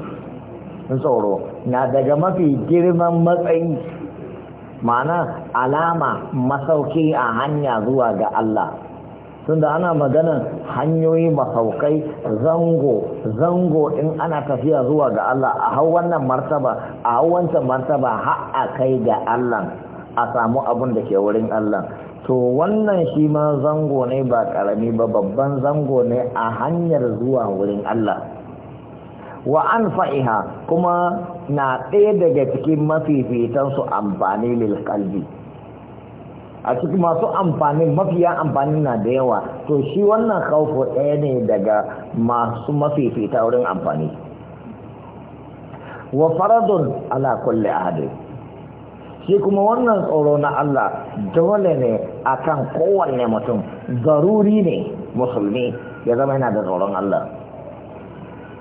nsoro na daga mafi girman matsayi ma'ana alama masauki a hanya zuwa ga Allah tunda ana magana hanyoyi masaukai zango zango in ana tafiya zuwa ga Allah a hau wannan martaba a hau wancan martaba har a kai da Allah a samu abun da ke wurin Allah to wannan shi ma zango ne ba karami ba babban zango ne a hanyar zuwa wurin Allah wa an fa'iha kuma na ɗaya daga cikin mafifitansu amfani lil kalbi a cikin masu amfani mafiya amfani na da yawa to shi wannan kawo ɗaya ne daga masu mafifita wurin amfani wa faradun ala kulli hadari. shi kuma wannan tsoro na Allah dole ne akan kowanne mutum zaruri ne musulmi ya zama yana da tsoron Allah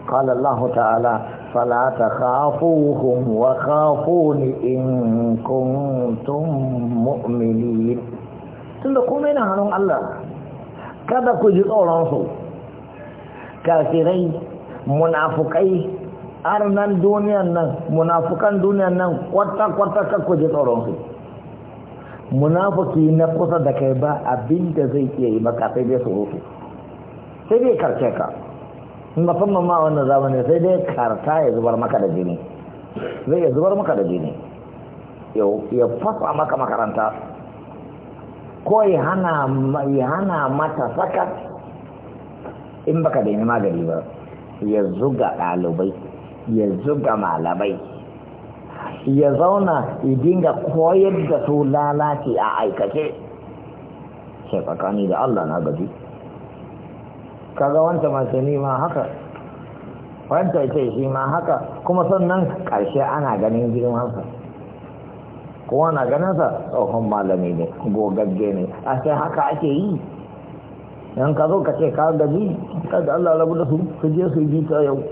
قال الله تعالى فلا تخافوهم وخافون إن كنتم مؤمنين tunda komai na hannun Allah kada ku ji tsoronsu kafirai munafukai nan duniyan nan munafukan duniyan nan kwata-kwata kuje ji su munafuki na kusa da kai ba abin da zai iya yi maka sai dai su sai dai karce ka musamman ma wannan zamani sai dai karta ya zubar maka da jini zai ya zubar maka da jini ya fasa maka makaranta ko ya hana mata saka in baka daina magani ba ya zuga ɗalibai ya zuga malamai ya zauna ya dinga koyar da su lalace a aikace sai tsakani da Allah na gaji kaga wanta masu ma haka wanta ce shi ma haka kuma sannan ƙarshe ana ganin girmansa kowa na ganinsa tsohon malami ne gogagge ne a sai haka ake yi yan ka zo ka ce ka gaji da Allah rabu da su su je su yi ta yau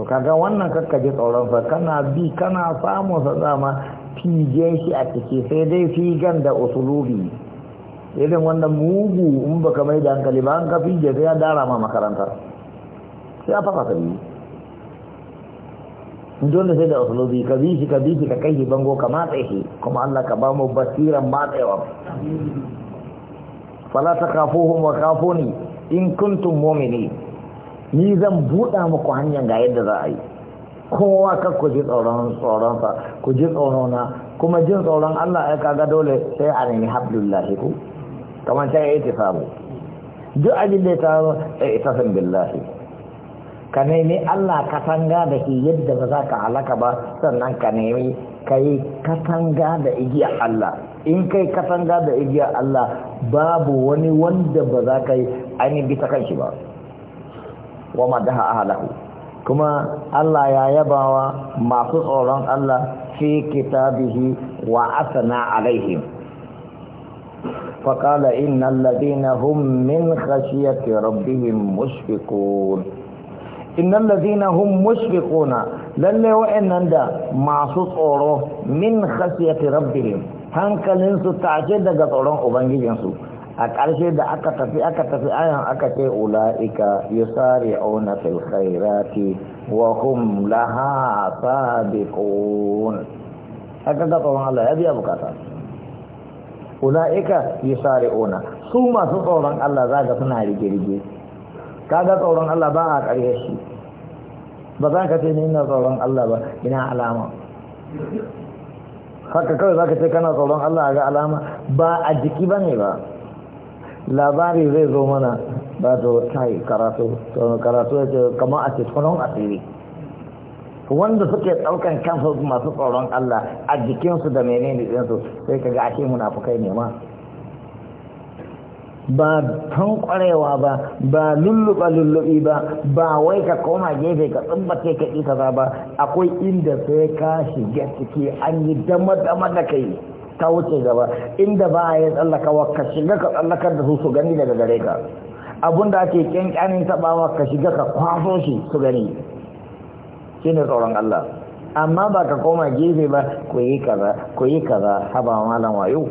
to kaga wannan kakkaje tsoron sa kana bi kana samu sa dama fige shi a ciki sai dai figan da usulubi irin wanda mugu in baka mai da hankali ba an ka fige sai ya dara ma makarantar sai a fasa sabi dole sai da usulubi ka bi shi ka bi shi ka kai shi bango ka matse shi kuma Allah ka ba mu basiran matsewa fala takafuhum wa khafuni in kuntum mu'minin ni zan buɗa muku hanyar ga yadda za a yi kowa ka ku ji tsoron tsoronsa ku ji tsorona kuma jin tsoron Allah ya kaga dole sai a nemi hablullahi ku kamar ta yi ta samu duk abin da ya taro a isa billahi ka nemi Allah katanga da ke yadda ba za ka halaka ba sannan ka nemi ka yi katanga da igiya Allah in kai katanga da igiya Allah babu wani wanda ba za ka yi ainihin bisa kan shi ba wa madaha ahlahu kuma Allah ya yabawa masu tsoron Allah fi kitabihi wa asana alaihim فقال إن الذين هم من خشية ربهم مشفقون إن الذين هم مشفقون للي وإن دا معصوص أورو من خشية ربهم هنكلنسو تعجد قطعون أبنجي جنسو a ƙarshe da aka tafi aka tafi ayan aka ce ula'ika yusari'una fil khairati wa hum laha sabiqun aka ga tsoron Allah ya biya bukata ula'ika yusari'una su masu tsoron Allah za ga suna rige-rige kaga tsoron Allah ba a ƙarshe shi ba za ka ce ni ina tsoron Allah ba ina alama haka kawai za ka ce kana tsoron Allah ga alama ba a jiki ba ne ba labari zai zo mana ba da ta karatu karatu ya ce kama a ce tsoron asiri wanda suke ɗaukan kansu masu tsoron Allah a jikinsu da menene ɗinsu sai ka ga ake munafukai ne ma ba tan kwarewa ba ba lulluɓa lulluɓi ba ba wai ka koma gefe ka tsumbace ka ita ba akwai inda sai ka shiga ciki an yi dama dama da kai ta wuce gaba inda ba a yi tsallakawa ka shiga ka tsallakar da su su gani daga gare ka abun ake kyankyanin tabawa ka shiga ka kwaso shi su gani shi ne tsoron Allah amma ba ka koma gefe ba ku yi kaza ku yi kaza haba malam wayo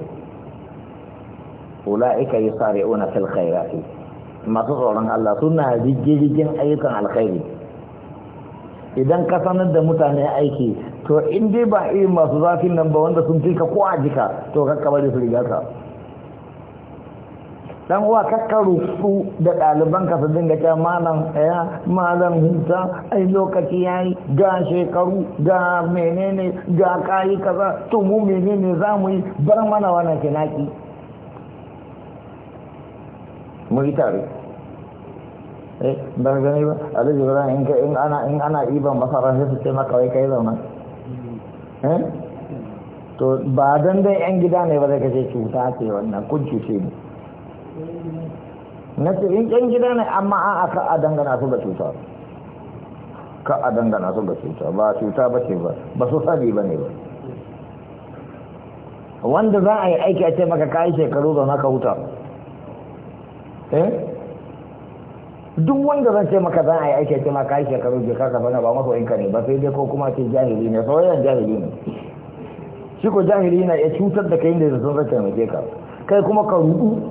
ula'ika yusari'una fil khairati masu tsoron Allah suna rigirgin ayyukan alkhairi idan ka sanar da mutane aiki to in dai ba irin masu zafin nan ba wanda sun fi ko a jika to kakka bari su riga ka dan uwa kakka rufu da ɗaliban ka su dinga cewa malam ɗaya malam hinta ai lokaci yi ga shekaru ga menene ga kayi kaza to mu menene za mu yi bar mana wannan kinaki mu yi tare eh ba gani ba alaji ba in ana in ana iban masara sai su ce maka wai kai zauna to ba don dai yan gida ne ba zai kashe cuta ce wannan kun ce ne na ce in yan gida ne amma an aka a dangana su ga cuta ka a dangana su ga cuta ba cuta ba ce ba ba su sabi ba ne ba wanda za a yi aiki a ce maka kayi shekaru zaune ka huta eh duk wanda zan ce maka za a yi aiki ce maka yi shekaru je kasa bana ba maka inka ne ba sai dai ko kuma ce jahili ne sauran jahili ne shi ko jahili na ya cutar da kai inda ya sun zai taimake ka kai kuma ka rudu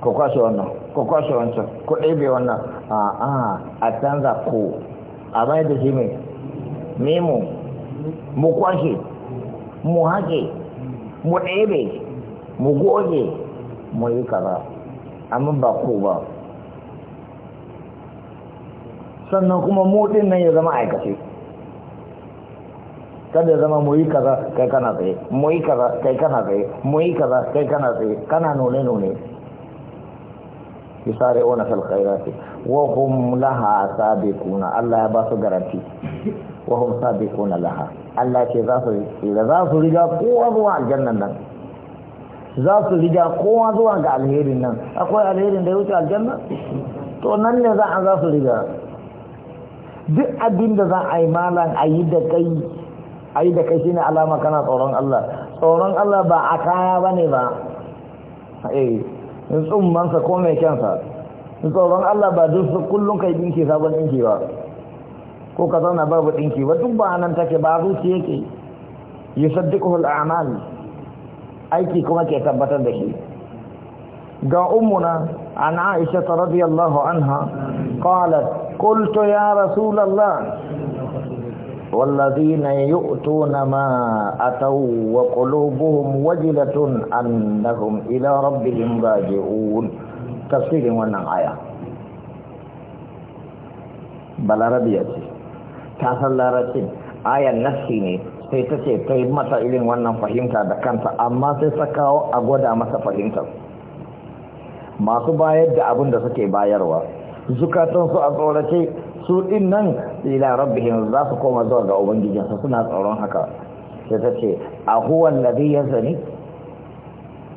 ko kwashe wannan ko kwashe wancan ko ɗebe wannan a a a canza ko a bai da shi mai memo mu kwashe mu hake mu ɗebe mu goge mu yi kaza amma ba ko ba sannan kuma motsin nan ya zama aikace kada ya zama muyi kaza kai kana tsaye muyi kaza kai kana tsaye muyi kaza kai kana tsaye kana nune nune ona fil khairati wa hum laha sabiquna Allah ya ba su garanti wa hum sabiquna laha Allah ce za su ila za su riga kowa zuwa aljannan nan za su riga kowa zuwa ga alherin nan akwai alherin da ya wuce aljanna to nan ne za a za su riga duk abin da za a yi malam a yi da kai a yi da kai shine alama kana tsoron Allah tsoron Allah ba a kaya ba ne ba eh tsummansa ko mai kyansa tsoron Allah ba duk su kullum kai dinki sabon dinki ba ko ka zauna babu dinki ba duk ba nan take ba zuci yake yi saddukuhul amal aiki kuma ke tabbatar da shi ga umuna an aisha radiyallahu anha qalat qultu ya rasulullah والذين يؤتون ما أتوا وقلوبهم وجلة أنهم إلى ربهم راجعون tafsirin wannan aya balarabiya ce ta san larabcin ayan nassi ne sai ta ce ta yi masa irin wannan fahimta da kanta amma sai sakawo a gwada masa fahimtar masu bayar da abin da suke bayarwa su a tsorace su din nan ila rabbihim za su koma zuwa ga ubangijinsu suna tsoron haka sai ta ce a huwa ladhi yazani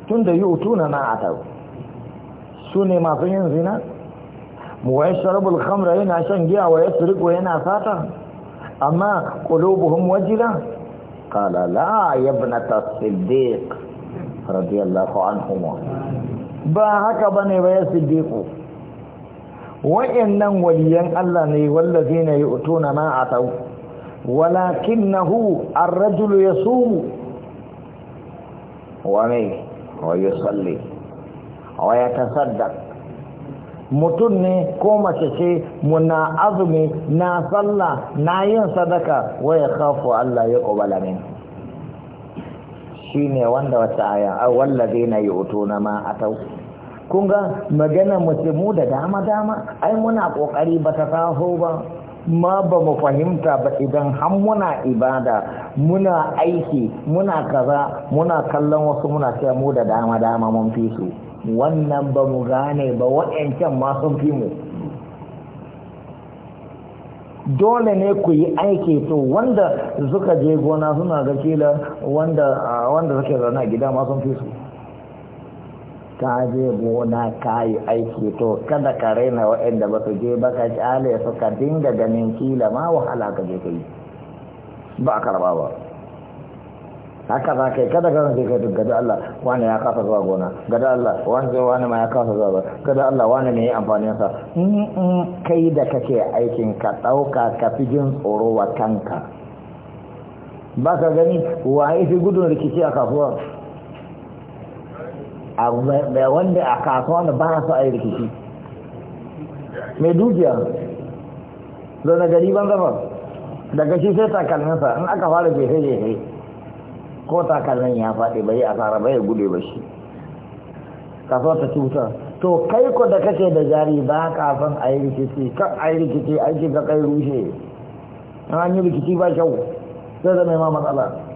tun da yutuna na atar su ne masu yin zina wa yashrabul khamra yana shan giya wa yasriqu yana sata amma qulubuhum wajila qala la ya ibnata siddiq radiyallahu anhu ba haka bane ba ya siddiqu wa'annan waliyan Allah ne wallazina yu'tuna ma na walakinahu ar-rajulu yasumu wa mai wa yusalli wa yatasaddaq mutum ne ko mace ce muna azumi na sallah na yin sadaka wa ya khafu Allah ya qobala min shi ne wanda wata aya a wallazi na yi uto na ma a tau Kunga ga magana mace mu da dama dama ai muna kokari ba ta taho ba ma ba mu fahimta ba idan har muna ibada muna aiki muna kaza muna kallon wasu muna cewa mu da dama dama mun fi su wannan ba mu gane ba waɗancan ma sun fi mu dole ne ku yi aiki to wanda suka je gona suna ga kila wanda suke zaune a gida ma sun fi su ka je gona ka yi aiki to kada ka raina waɗanda ba su je ba ka kyale su ka dinga ganin kila ma wahala ka je ka yi ba a karɓa ba haka za ka yi kada ka zance kai gada Allah wani ya kasa zuwa gona gada Allah wani wani ma ya kasa zuwa ba gada Allah wani ne ya amfani sa in kai da kake aikin ka ɗauka ka fi jin tsoro wa kanka ba ka gani wa ya fi gudun rikici a kasuwa wanda a kasuwa wanda ba so a yi rikici mai dukiya zaune gari ban zama daga shi sai takalminsa in aka fara jefe-jefe ko takalmin ya faɗi bai a tsara bai gude ba shi kasuwa ta cuta to kai ko da kake da jari ba ka san a yi rikici kan a yi rikici aiki ga kai rushe an yi rikici ba kyau sai zama ma matsala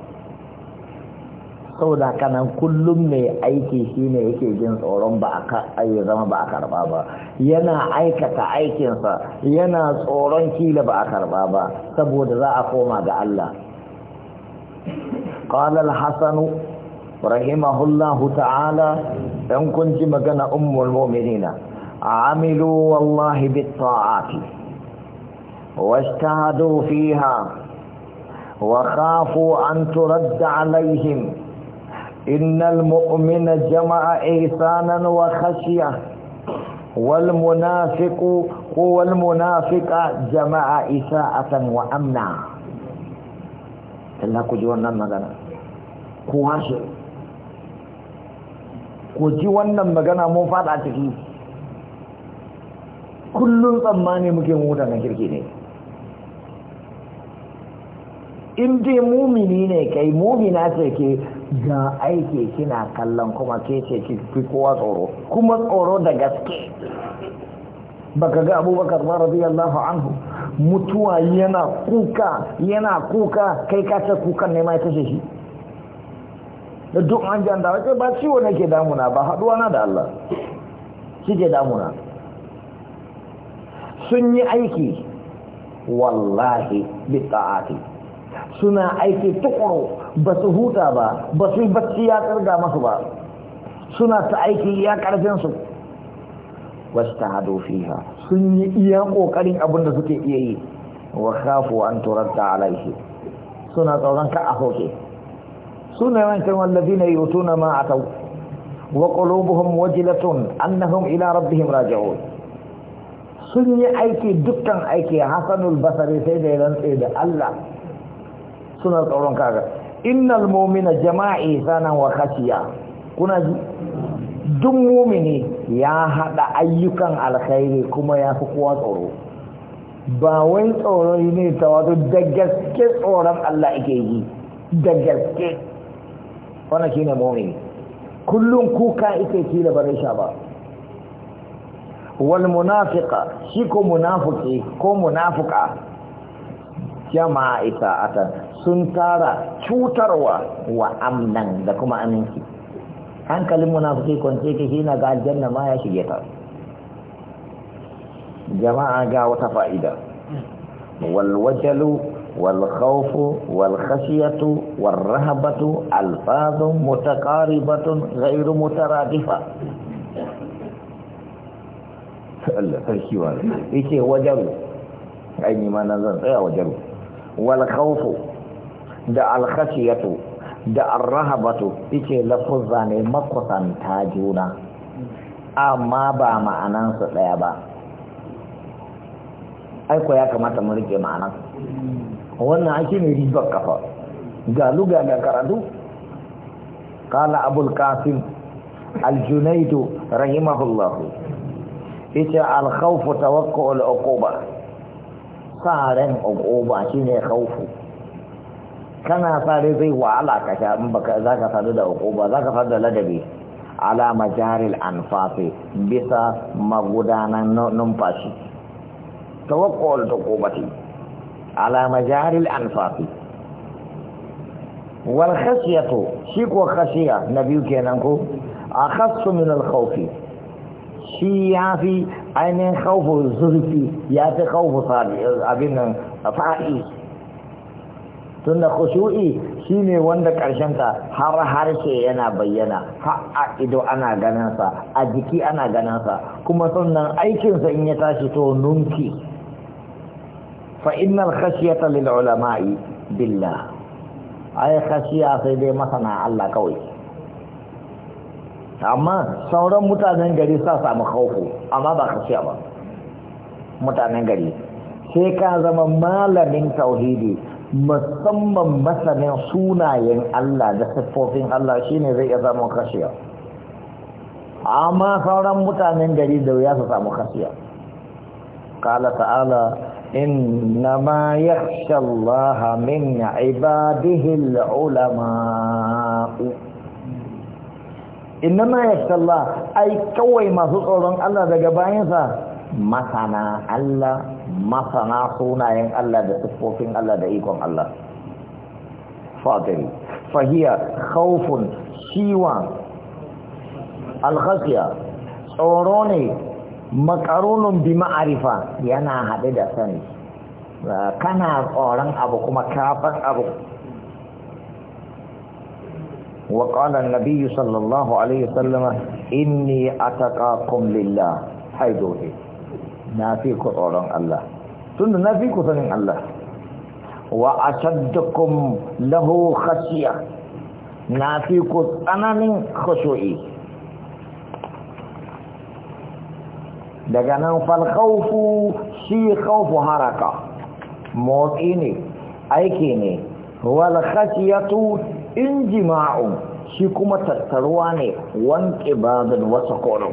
saboda haka nan kullum mai aiki shine yake jin tsoron ba a zama ba a karba ba yana aikata aikinsa yana tsoron kila ba a karba ba saboda za a koma ga Allah قال الحسن رحمه الله تعالى إن كنت مجن أم المؤمنين عملوا والله بالطاعات واجتهدوا فيها وخافوا أن ترد عليهم إن المؤمن جمع إيثانا وخشية والمنافق هو المنافق جمع إساءة وأمنا الله كجوانا مغانا كواشر كجوانا مغانا مفاد عتكي كل ثماني مكي موتا نكركي نيه in dai mumini ne kai mumina ce ke ga aiki kina kallon kuma ke ce ki fi kowa tsoro kuma tsoro da gaske baka ga abubakar ba radiyallahu anhu mutuwa yana kuka yana kuka kai ka ce kukan ne mai kashe shi da duk an jan da wace ba ciwo nake damuna ba haduwa na da Allah shi ke damuna sun yi aiki wallahi bi ta'ati suna aiki tukuru ba su huta ba ba su yi bacci ya karga masu ba suna ta aiki ya karfinsu wasu ta hado fiha sun yi iya ƙoƙarin abin da suke iya yi wa kafu an turar ta alaihi suna tsoron ka a hoke suna yawan yawancin wallafi na yoto na ma a tau wa ƙulubuhum wajilatun annahum ila rabbihim raji'un sun yi aiki dukkan aiki hasanul basari sai da ya rantse da Allah suna tsoron kaga innal mu'mina jama'i sanan wa khashiya kuna duk mumini ya hada ayyukan alkhairi kuma ya fi kowa tsoro ba wai tsoro ne ta wato da tsoron Allah yake yi da gaske wannan shine mumini kullum kuka ake kila bare sha ba wal munafiqa shi ko munafiki ko munafiqa jama'a atan sun tara cutarwa wa amnan da kuma aminci hankalin munafiki kwance ke shi na ga aljanna ma ya shige ta jama'a ga wata fa'ida wal wajalu wal khawfu wal khashiyatu wal rahabatu alfazun mutaqaribatun ghairu mutaradifa Allah sarki wa yake wajalu ai ni ma nan zan tsaya wajalu wal da al da ar ike yake lafuzza ne makwasanta juna amma ba ma'anansu ɗaya daya ba aiko ya kamata mu rike ma'anan wannan ake ne ribar kafa ga luga ga karatu qala abul kafin aljunaidu junayd rahimahullah ita al-khawf tawakkul uquba sa ran uquba shine khawfu kana sa zai wahala ka sha in baka zaka sadu da uquba zaka sadu da ladabi ala majaril anfafi bisa magudanan numfashi tawakkul da uqubati ala majaril anfafi wal khashyatu shi ko khashiya na biyu kenan ko akhassu min al khawfi shi ya fi ainihin khawfu zurfi ya fi khawfu abin nan fa'i tunda shi shine wanda karshen ta har harshe yana bayyana a ido ana ganin a jiki ana ganinsa kuma sannan aikin in ya tashi to nunki fa innal khashyata lil billah ai khashiya sai dai masana Allah kawai amma sauran mutanen gari sa samu hauku amma ba ka ba mutanen gari sai ka zama malamin tauhidi musamman masanin sunayen Allah da siffofin Allah shine zai iya samun kashiya amma sauran mutanen gari da ya su samu kashiya kala ta'ala innama ya Allah min ibadihi al ya yaftallah ai kawai masu tsoron Allah daga bayansa masana Allah masana sunayen Allah da siffofin Allah da ikon Allah fadiri fahiya khawfun shiwa alkhasiya tsoro ne makarunun bi ma'arifa yana haɗe da sani kana tsoron abu kuma kafan abu وقال النبي صلى الله عليه وسلم إني أتقاكم لله حيدوه نافيك أوران الله تند نافيك سنين الله وأشدكم له خشية نافيك أنا من خشوعي daga فالخوف falkaufu خوف حركة haraka motsi ne aiki injima'un shi kuma tattaruwa ne wanke bazin wasa koro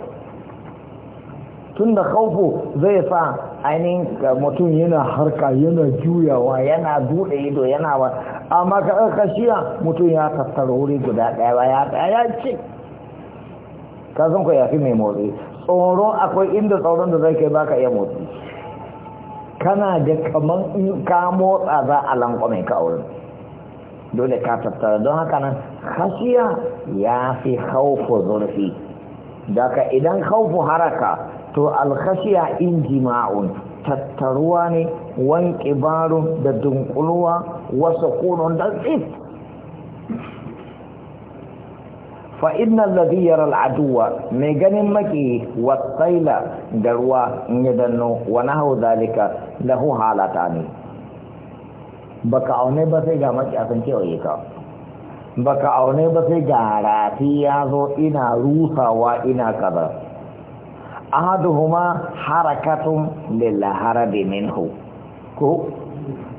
tun da kaufu zai sa ainihin mutum yana harka yana juyawa yana bude ido yana wa amma ka mutum ya tattara wuri guda ɗaya ba ya ɗaya ce ka san ya yafi mai motsi tsoro akwai inda tsoron da zai kai baka iya motsi kana da kaman in ka motsa za a lankwame ka a dole ka tattara don haka nan ya fi haufu zurfi daga idan haufu haraka to alkhashiya injima'un tattaruwa ne wanki barun da dunkulwa wasu kunun da tsif fa inna alladhi yara al'aduwa mai ganin maki wasaila da ruwa in ya danno wa nahu zalika lahu halata ne baka aune ba sai ga makiyasan kewaye ka baka aune ba sai ga rafi ya zo ina rusawa ina kaza ahaduhuma harakatun lil harabi minhu ko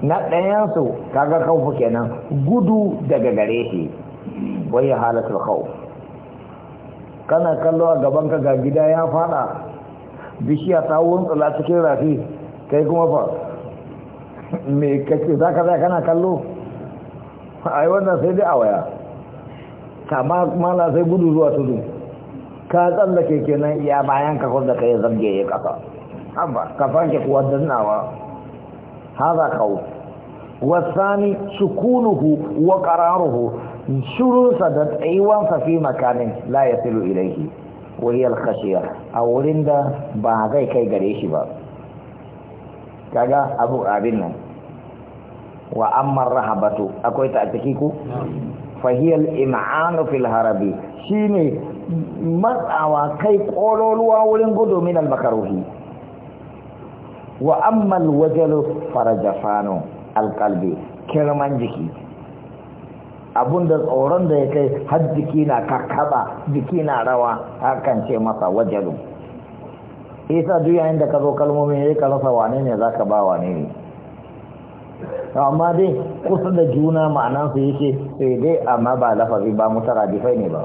na su kaga kaufu kenan gudu daga gare shi wai halatul khawf kana kallo a gaban ka ga gida ya fada bishiya ta wuntsula cikin rafi kai kuma fa me kake za ka za kana kallo ai wannan sai dai a waya kama mala sai gudu zuwa tudu ka tsallake kenan iya bayan ka kwanza ka yi zarge ya kasa amma ka fanke kuwa dannawa haza kawo wasani sukunuhu wa qararuhu shurunsa da tsayuwansa fi makanin la yasilu ilaihi wa hiya al khashiyah a wurin da ba zai kai gare shi ba kaga abu abin nan wa amma rahabatu akwai ta a ciki ku fahiyar im'anu fil harabi shine matsawa kai ƙololuwa wurin gudu min al makaruhi wa amma al wajalu farajafano al qalbi kirman jiki abun da tsoron da ya kai har jiki na kakkaba jiki na rawa hakan ce masa wajalu isa duk yayin da ka zo kalmomin ya ka rasa wane ne za ka ba wane ne amma dai kusa da juna ma'anansu yake sai dai amma ba lafazi ba radifai ne ba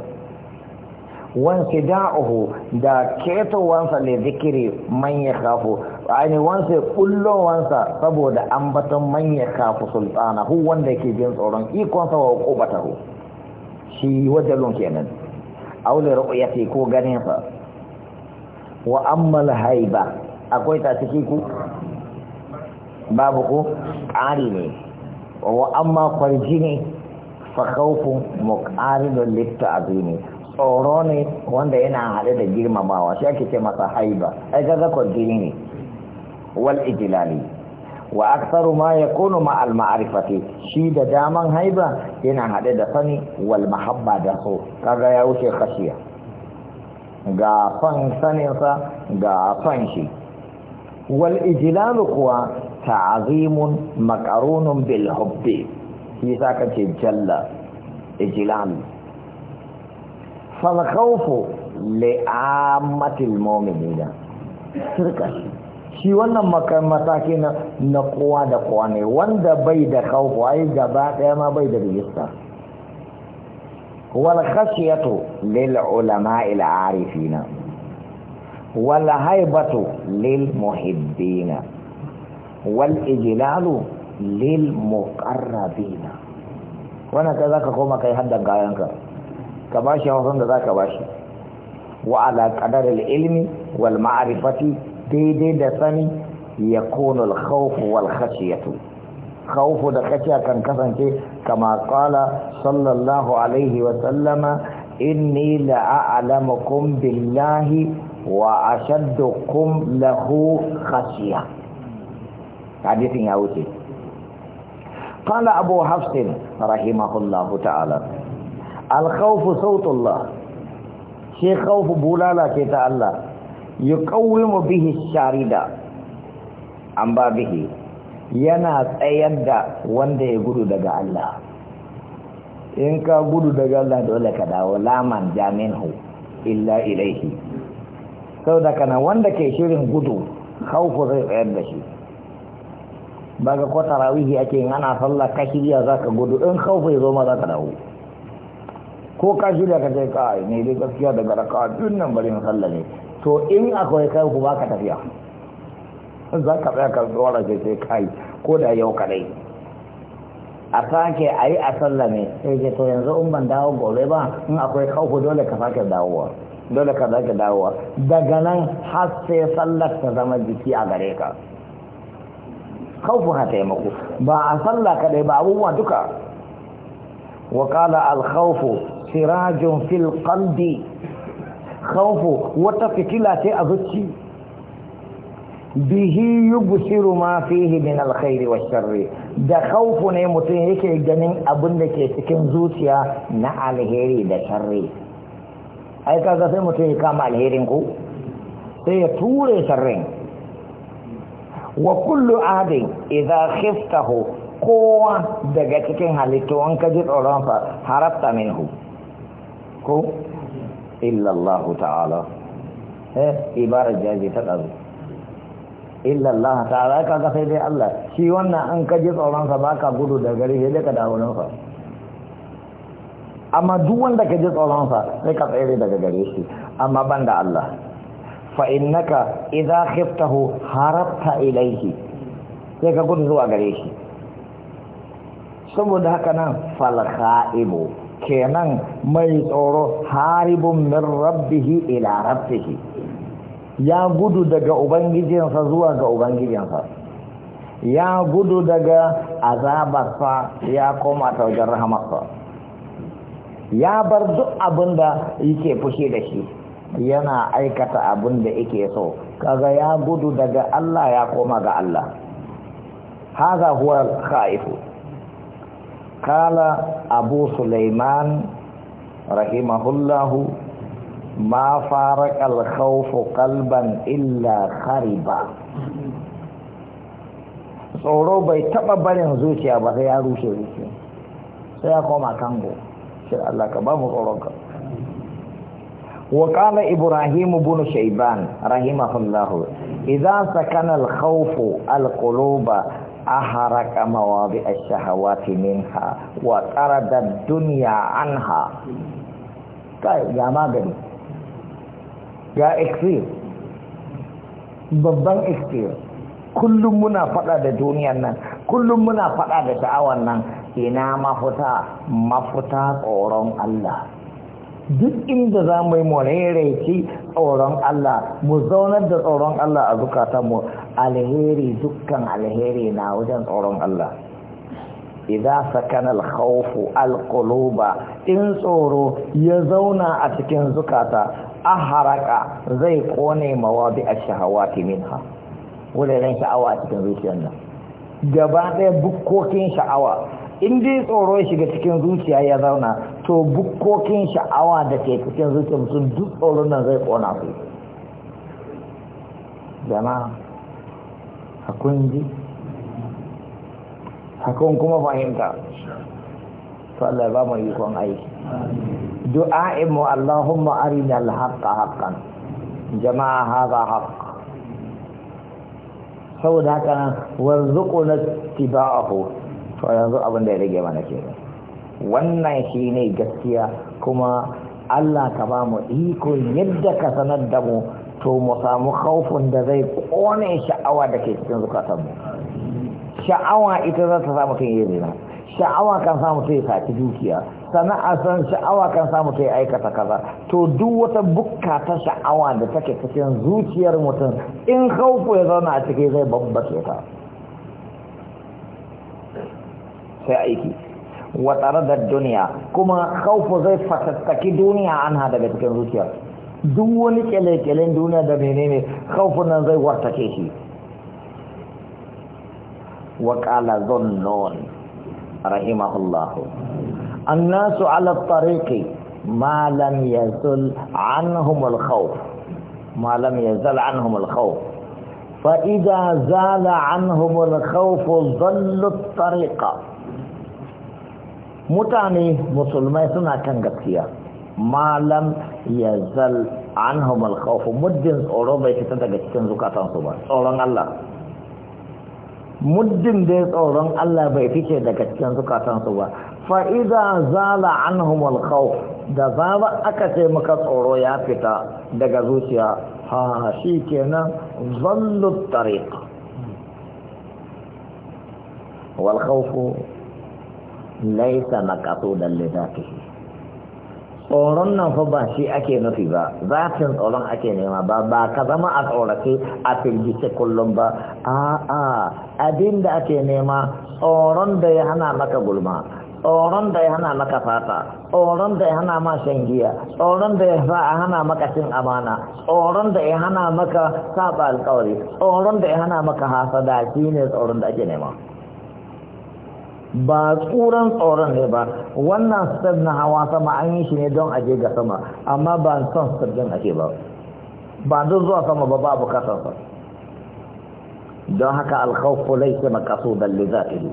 da da'uhu da ketowansa ne zikiri manya kafu aini wansa kullowansa saboda ambaton manya kafu sultana hu wanda ke jin tsoron ikonsa wa kubatahu shi wajen wajalun kenan aule ya ko ganinsa wa ammal haiba akwai ta ku babu ku ƙari ne wa amma kwarji ne fa khawfun muqarilun litta'zimi tsoro ne wanda yana haɗe da girmamawa shi ake ce masa haiba ai kaga kwarji ne wal ijlali wa aktsaru ma yakunu ma al ma'rifati shi da daman haiba yana haɗe da sani wal mahabba da so kaga ya wuce khashiya ga fan saninsa ga fan shi wal ijlalu kuwa ta'azimun makarunun bil hubbi shi sa ka ce jalla ijlal fal khawfu li ammatil mu'minina shi wannan mataki na kowa da kowa ne wanda bai da khawfu ai gaba ɗaya ma bai da rijista والخشية للعلماء العارفين والهيبة للمحبين والإجلال للمقربين وانا كذاك كما كي حد غايانك كباشي وصند ذاك باشي وعلى قدر العلم والمعرفة دي دي دفني يكون الخوف والخشية khawfu da kaciya kan kasance kama qala sallallahu alaihi wa sallama inni la'alamukum billahi wa ashaddukum lahu khashiya hadisin ya wuce قال أبو حفص رحمه الله تعالى الخوف صوت الله شيء خوف بولالا كتا الله yana tsayar da wanda ya gudu daga Allah in ka gudu daga Allah dole ka dawo laman jaminhu illa ilaihi sau da kana wanda ke shirin gudu haufu zai tsayar da shi ba ga kwata rawihi ake yin ana sallah ka shirya za ka gudu in haufu ya zo ma za ka dawo ko ka shirya ka kai ka ne dai gaskiya daga raka dunnan bari bari sallah ne to in akwai kai ku ba ka tafiya za ka tsaya ka tsora ce sai kai ko da yau kadai a sake a yi a sallame sai ce to yanzu in ban dawo gobe ba in akwai kauku dole ka sake dawowa dole ka sake dawowa daga nan har sai sallar ta zama jiki a gare ka kauku ha taimako ba a sallah kadai ba abubuwa duka wa kala al khawfu sirajun fil qalbi khawfu wata fitila ce a zuci bihi yubsiru ma fihi min alkhairi washarri da khawfu ne mutum yake ganin abin da ke cikin zuciya na alheri da sharri ai kaga sai mutum ya kama alherin ku sai ya ture sharrin wa kullu adin idza khiftahu kowa daga cikin halittu an kaji tsoron fa harafta minhu ko illa Allah ta'ala eh ibara jazi ta ɗazu illa Allah ta'ala kaga sai dai Allah shi wannan an ka ji tsoron sa baka gudu da gari sai ka dawo nan fa amma duk wanda ka tsoron sa sai ka tsere daga gare shi amma banda Allah fa innaka idza khiftahu harabta ilayhi sai ka gudu zuwa gare shi saboda haka nan fal kha'ibu kenan mai tsoro haribun min rabbihi ila rabbihi ya gudu daga ubangijinsa zuwa ga ubangijinsa ya gudu daga azabarsa ya koma taujar wajen rahamarsa ya bar duk abin da yake fushi da shi yana aikata abin da yake so kaga ya gudu daga Allah ya koma ga Allah haza huwa khaifu kala abu sulaiman rahimahullahu ma faraka alkhawfu qalban illa khariba tsoro bai taba barin zuciya ba sai ya rushe zuciya sai ya koma kango sai Allah ka ba mu tsoron ka wa qala ibrahim ibn shayban rahimahullah idza sakana alkhawfu alquluba أحرق مواضع الشهوات منها وطرد الدنيا عنها كيف يا ما قلت ga experience babban experience kullum muna fada da duniyan nan kullum muna fada da sha'awan nan ina mafuta mafuta tsoron Allah duk inda za mu yi morereci tsoron Allah mu zaunar da tsoron Allah a zukatanmu alheri dukkan alheri na wajen tsoron Allah idza sakana al khawf al-quluba in tsoro ya zauna a cikin zukata aharaka zai kone mawadi ash-shahawati minha lan sha'awa a cikin zuciyar nan gaba ɗaya bukkokin sha'awa in dai tsoro ya shiga cikin zuciya ya zauna to bukkokin sha'awa da ke cikin zuciyar mutum duk tsoron nan zai kona su jama'a a kunji hakan kuma fahimta Allah ba mu ikon aiki du'a'in mu Allahumma arina al-haqqa haqqan jama'a hadha haqq saboda haka warzuquna ittiba'ahu to yanzu abin da ya rage mana ke wannan shi ne gaskiya kuma Allah ka ba mu iko yadda ka sanar da mu to mu samu khaufin da zai kone sha'awa da ke cikin zukatanmu sha'awa ita za ta sa mutum ya zina sha'awa kan sa mutum ya saki dukiya sana'a san sha'awa kan sa mutum ya aikata kaza to duk wata bukka ta sha'awa da take cikin zuciyar mutum in haufu ya zauna a ciki zai babbace ta sai aiki wa da duniya kuma haufu zai fatattaki duniya ana daga cikin zuciyar duk wani kyale-kyalen duniya da menene haufu nan zai wartake shi وقال ظنون رحمه الله الناس على الطريق ما لم يزل عنهم الخوف ما لم يزل عنهم الخوف فإذا زال عنهم الخوف ظل الطريق متاني مسلمين سنة كان قبسية ما لم يزل عنهم الخوف مدين أوروبا يتنزل كتنزل كتنزل أولا الله muddin da ya tsoron Allah bai fice daga cikin zukatansu ba fa'iza zala an khawf da zaba aka ce maka tsoro ya fita daga zuciya ha shi kenan zallu tariq wal khawfu laysa maqsudan lidatihi tsoron nan fa ba shi ake nufi ba zafin tsoron ake nema ba ba ka zama a tsorace a firgice kullum ba a'a abin da ake nema tsoron da ya hana maka gulma tsoron da ya hana maka fata tsoron da ya hana ma shan giya tsoron da ya hana maka cin amana tsoron da ya hana maka saba alkawari tsoron da ya hana maka hasada shine tsoron da ake nema ba tsuran tsoron ne ba wannan step na hawa sama an yi shi ne don aje ga sama amma ba son step din ake ba ba don zuwa sama ba ba bukatar ba don haka alkhawfu laysa maqsudan li zatihi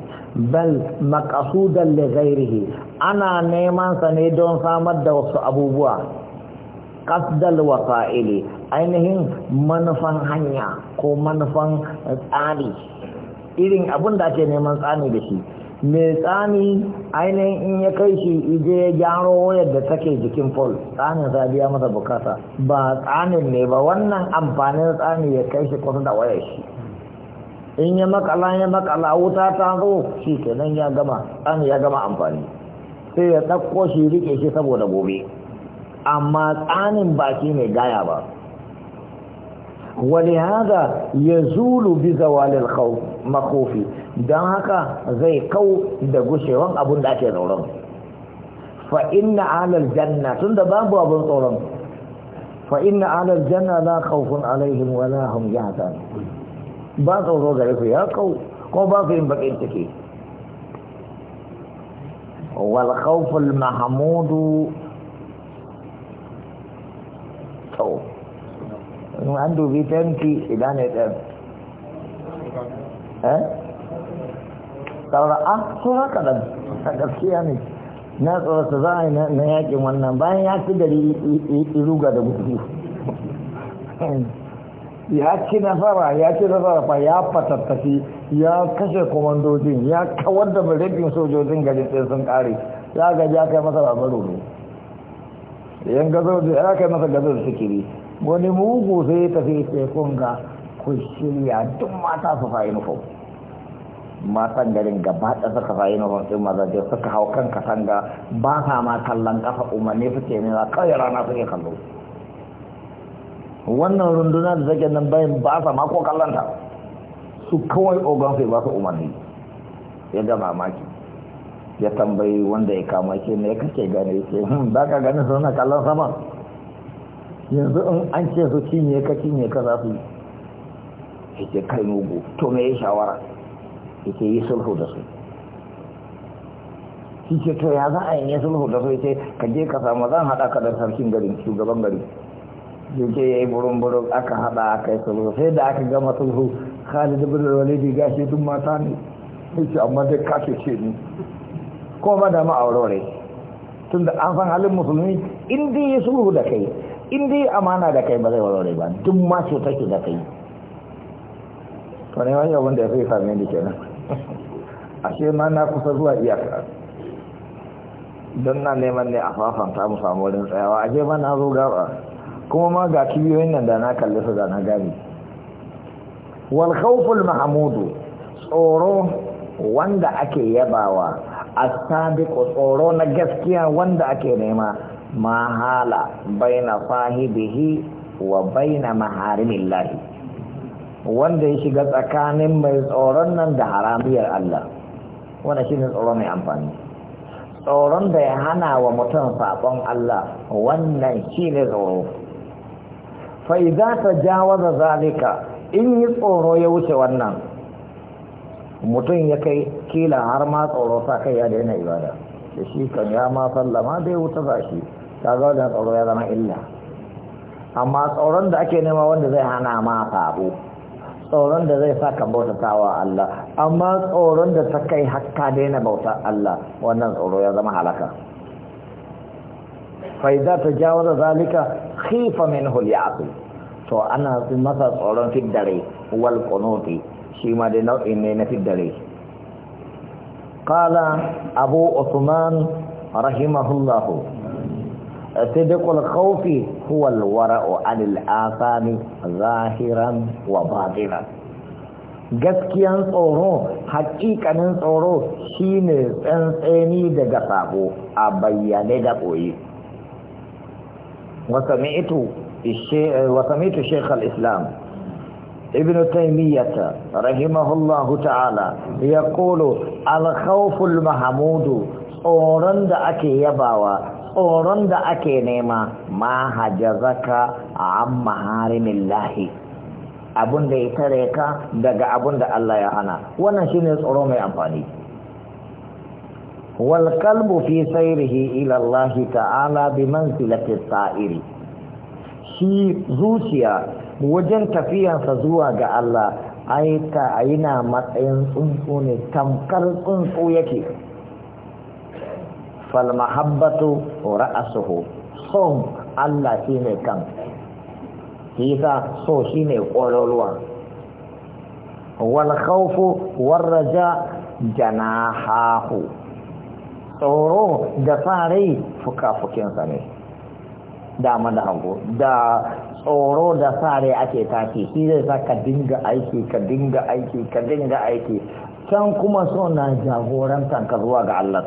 bal maqsudan li ghayrihi ana neman sa ne don samar da wasu abubuwa qasdal wasa'ili ainihin manufan hanya ko manufan tsari irin abin ake neman tsani da shi mai tsami ainihin in ya kai shi ije ya gyaro wayar da take jikin pol tsamin sa biya masa bukata ba tsanin ne ba wannan amfanin tsami ya kai shi kusa da wayar shi in ya makala ya makala wuta ta zo shi kenan ya gama tsamin ya gama amfani sai ya ɗauko shi rike shi saboda gobe amma tsanin ba shi ne gaya ba ولهذا يزول بزوال الخوف مخوفي dan haka zai kau da gushewan abun da ake tsoron fa inna alal janna tunda babu abun tsoron fa inna alal janna la khawfun alaihim wa la hum yahzan ba tsoro gare ya kau ko ba ku yin bakin ciki wal in an dubi fenti ina ne ɗan eh saura a ah, sura kaɗan a gaskiya ne na tsorata za a yi na yakin wannan bayan ya ci gari iruga da gudu ya ci nasara ya ci nasara fa ya fatattafi ya kashe komandojin ya kawar da rabin sojojin garin sun kare ya gaji ya kai masa babaro ne yan gazo da ya kai masa gazo da sikiri wani mugu sai ya tafi sai ga ku shirya duk mata su fa uniform matan garin gaba da suka fa uniform din maza da suka hau kan ga ba sa ma kallon kafa umarni suke ne ba kawai rana suke kallo wannan runduna da take nan bayan ba sa ma ko kallon ta su kawai ogon sai ba su umarni ya ga mamaki ya tambayi wanda ya kama ce me kake gane ce hmm, ba ka gane suna kallon sama yanzu in an ce su cinye ka cinye ka za su yi kai mugu to me ya shawara yake yi sulhu da su shi ce to ya za a yi sulhu da su yake ka je ka samu zan haɗa ka da sarkin gari shugaban gari yake ya yi burin burin aka haɗa aka yi sulhu sai da aka gama sulhu khalid bin walidi gashi tun mata ne yake amma dai ka ce ni ko ma da ma aurore tunda an san halin musulmi in dai ya sulhu da kai in dai amana da kai ba zai aurore ba duk ma ce take da kai to ne wani abin da ya fi sami ni kenan ashe ma na kusa zuwa iyaka don na neman ne a fafan mu samu wurin tsayawa ashe ma na zo gaba kuma ma ga kibiyoyin nan da na kalli su da na gani wal khawful mahmudu tsoro wanda ake yabawa A sabiqu tsoro na gaskiya wanda ake nema mahala baina sahibihi wa baina maharimillahi wanda ya shiga tsakanin mai tsoron nan da haramiyar Allah wanda shine tsoro mai amfani tsoron da ya hana wa mutum sabon Allah wannan shine tsoro fa idza tajawaza zalika in yi tsoro ya wuce wannan mutum ya kai kila har ma tsoro sa kai ya daina ibada da shi kan ya ma sallama dai wuta za shi ta ga wajen tsoro ya zama illa amma tsoron da ake nema wanda zai hana ma sabo tsoron da zai saka bautata wa Allah amma tsoron da ta kai hakka daina bauta Allah wannan tsoro ya zama halaka faiza ta jawaza zalika khifa minhu al to ana masa tsoron fiddare wal qunuti shi ma dai nau'in ne na fiddare قال أبو عثمان رحمه الله صدق الخوف هو الورع عن الآثام ظاهرا وباطنا gaskiyan tsoro hakikanin tsoro shine tsantseni daga sabo a bayyane da ɓoye wasamitu shekh al-islam ابن تيمية رحمه ta'ala ya kolo الخوف Mahmudu tsoron da ake yabawa tsoron da ake nema ma hajazaka a an maharimin lahi daga abin da Allah ya hana wannan shine tsoro mai amfani wal kalbu fi sairihi ila Allah ta'ala bi manzilati sa'iri shi zuciya wajen tafiyarsa zuwa ga Allah aita yana matsayin tsuntsu ne tamkar tsuntsu yake falmahabbatu ra'asuhu son Allah shi ne kan shi so shi ne ƙwararwa wal warra ja janahahu tsoro da sa rai fuka-fukinsa ne dama da hango da tsoro da sare ake tafi shi zai sa ka dinga aiki ka dinga aiki ka dinga aiki can kuma so na jagorantar ka zuwa ga Allah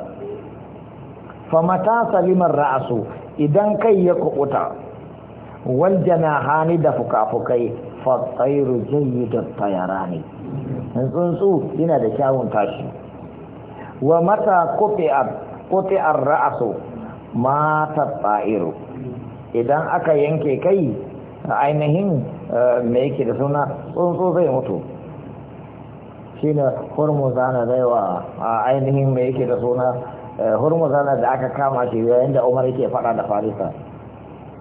famata salimar ra'asu idan kai ya kubuta wal janahani da fukafukai fa tsairu jayyidat tayarani tsuntsu yana da kyawun tashi wa mata kote ar ra'asu mata tsairu idan aka yanke kai a ainihin eh, mai yake da suna tsuntsu zai mutu shi ne hurmuzana zai wa ainihin mai yake da suna eh, hurmuzana da aka kama shi yayin da umar yake fada da farisa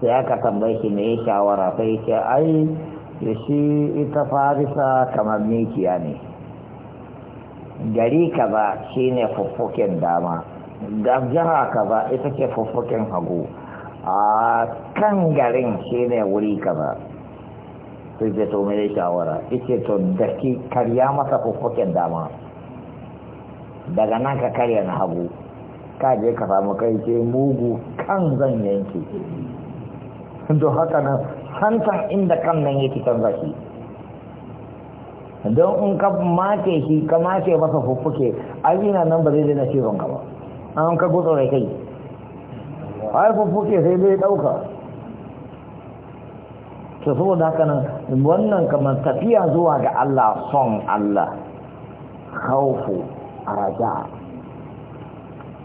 sai aka tambaye shi mai shawara sai yake ai da shi ita farisa kamar mikiya ne gari kaza ne fuffukin dama da jiha kaza ita ce fuffukin hagu a kan garin shi ne wuri kaza sai ce to mai shawara ita to da ke karya masa fuffuken dama daga nan ka karya na hagu ka je ka samu kai ce mugu kan zan yanki. don haka nan hantan inda kan nan yake kan shi don in ka mace shi ka mace masa fuffuke ajina nan ba zai daina cizon ka ba an ka gutsa kai ai fuffuke sai dai ɗauka to saboda haka nan wannan kamar tafiya zuwa ga Allah son Allah khawfu raja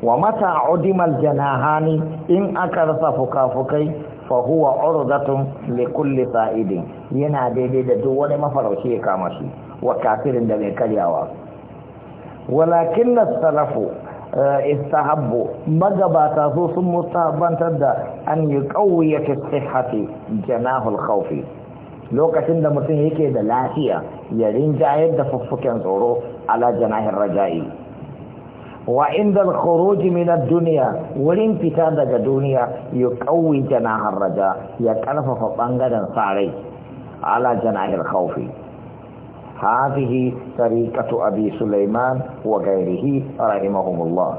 wa mata udimal janahani in aka rasa fukafukai fa huwa urdatun li kulli sa'idin yana daidai da duk wani mafarauci ya kama shi wa kafirin da mai karyawa walakin as Eh, istahabbu magabata so sun musabantar da an yi qawwiya fi sihhati janahul khawfi lokacin da mutum yake da lafiya ya rinjayar da fuffuken tsoro ala janahir raja'i wa inda al-khuruj min ad-dunya wurin fita daga duniya ya qawwi janahar raja ya karfafa bangaren sarai ala janahir khawfi هذه طريقة أبي سليمان وغيره رحمهم الله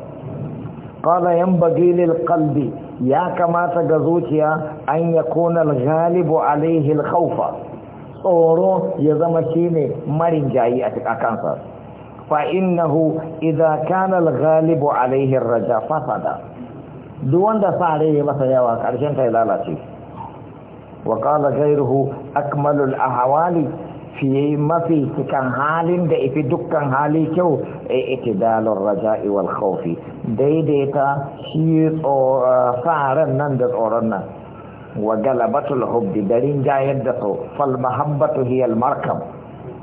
قال ينبغي للقلب يا كما تغزوتيا أن يكون الغالب عليه الخوف صورو يزمشيني مرين جاي أكانسر فإنه إذا كان الغالب عليه الرجاء فسد دون دفعه مثلا وكارشان تيلالاتي وقال غيره أكمل الأحوال fiye mafi cikan halin da ifi dukkan hali kyau a e, itidalin raja'i wal khawfi daidaita shi tsoron nan da tsoron nan wa galabatul hubbi darin jayar da so fal mahabbatu hiyal al markab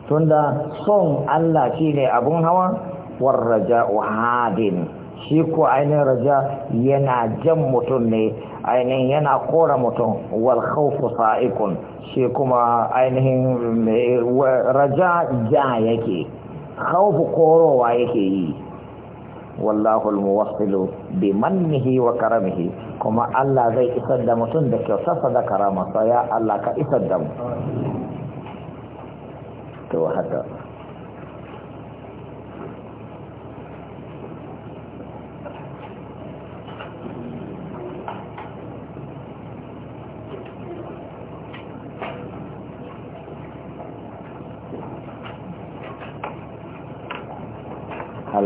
tunda son Allah shine abun hawa war raja'u hadin shi ko ainihin raja yana jan mutum ne ainihin yana kora mutum wal khawfu sa'ikun shi kuma ainihin raja ja yake khawfu korowa yake yi wallahu almuwassilu bi mannihi wa karamihi kuma Allah zai isar da mutum da kyautarsa da karamarsa ya Allah ka isar da mu to haka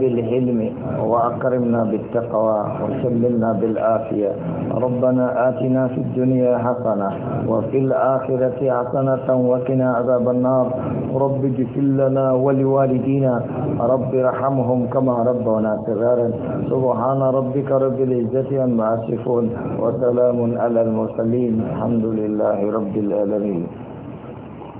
بالعلم وأكرمنا بالتقوى وسلمنا بالعافية ربنا آتنا في الدنيا حسنة وفي الآخرة حسنة وقنا عذاب النار رب اغفر لنا ولوالدينا رب ارحمهم كما ربنا صغارا سبحان ربك رب العزة عما يصفون وسلام على المرسلين الحمد لله رب العالمين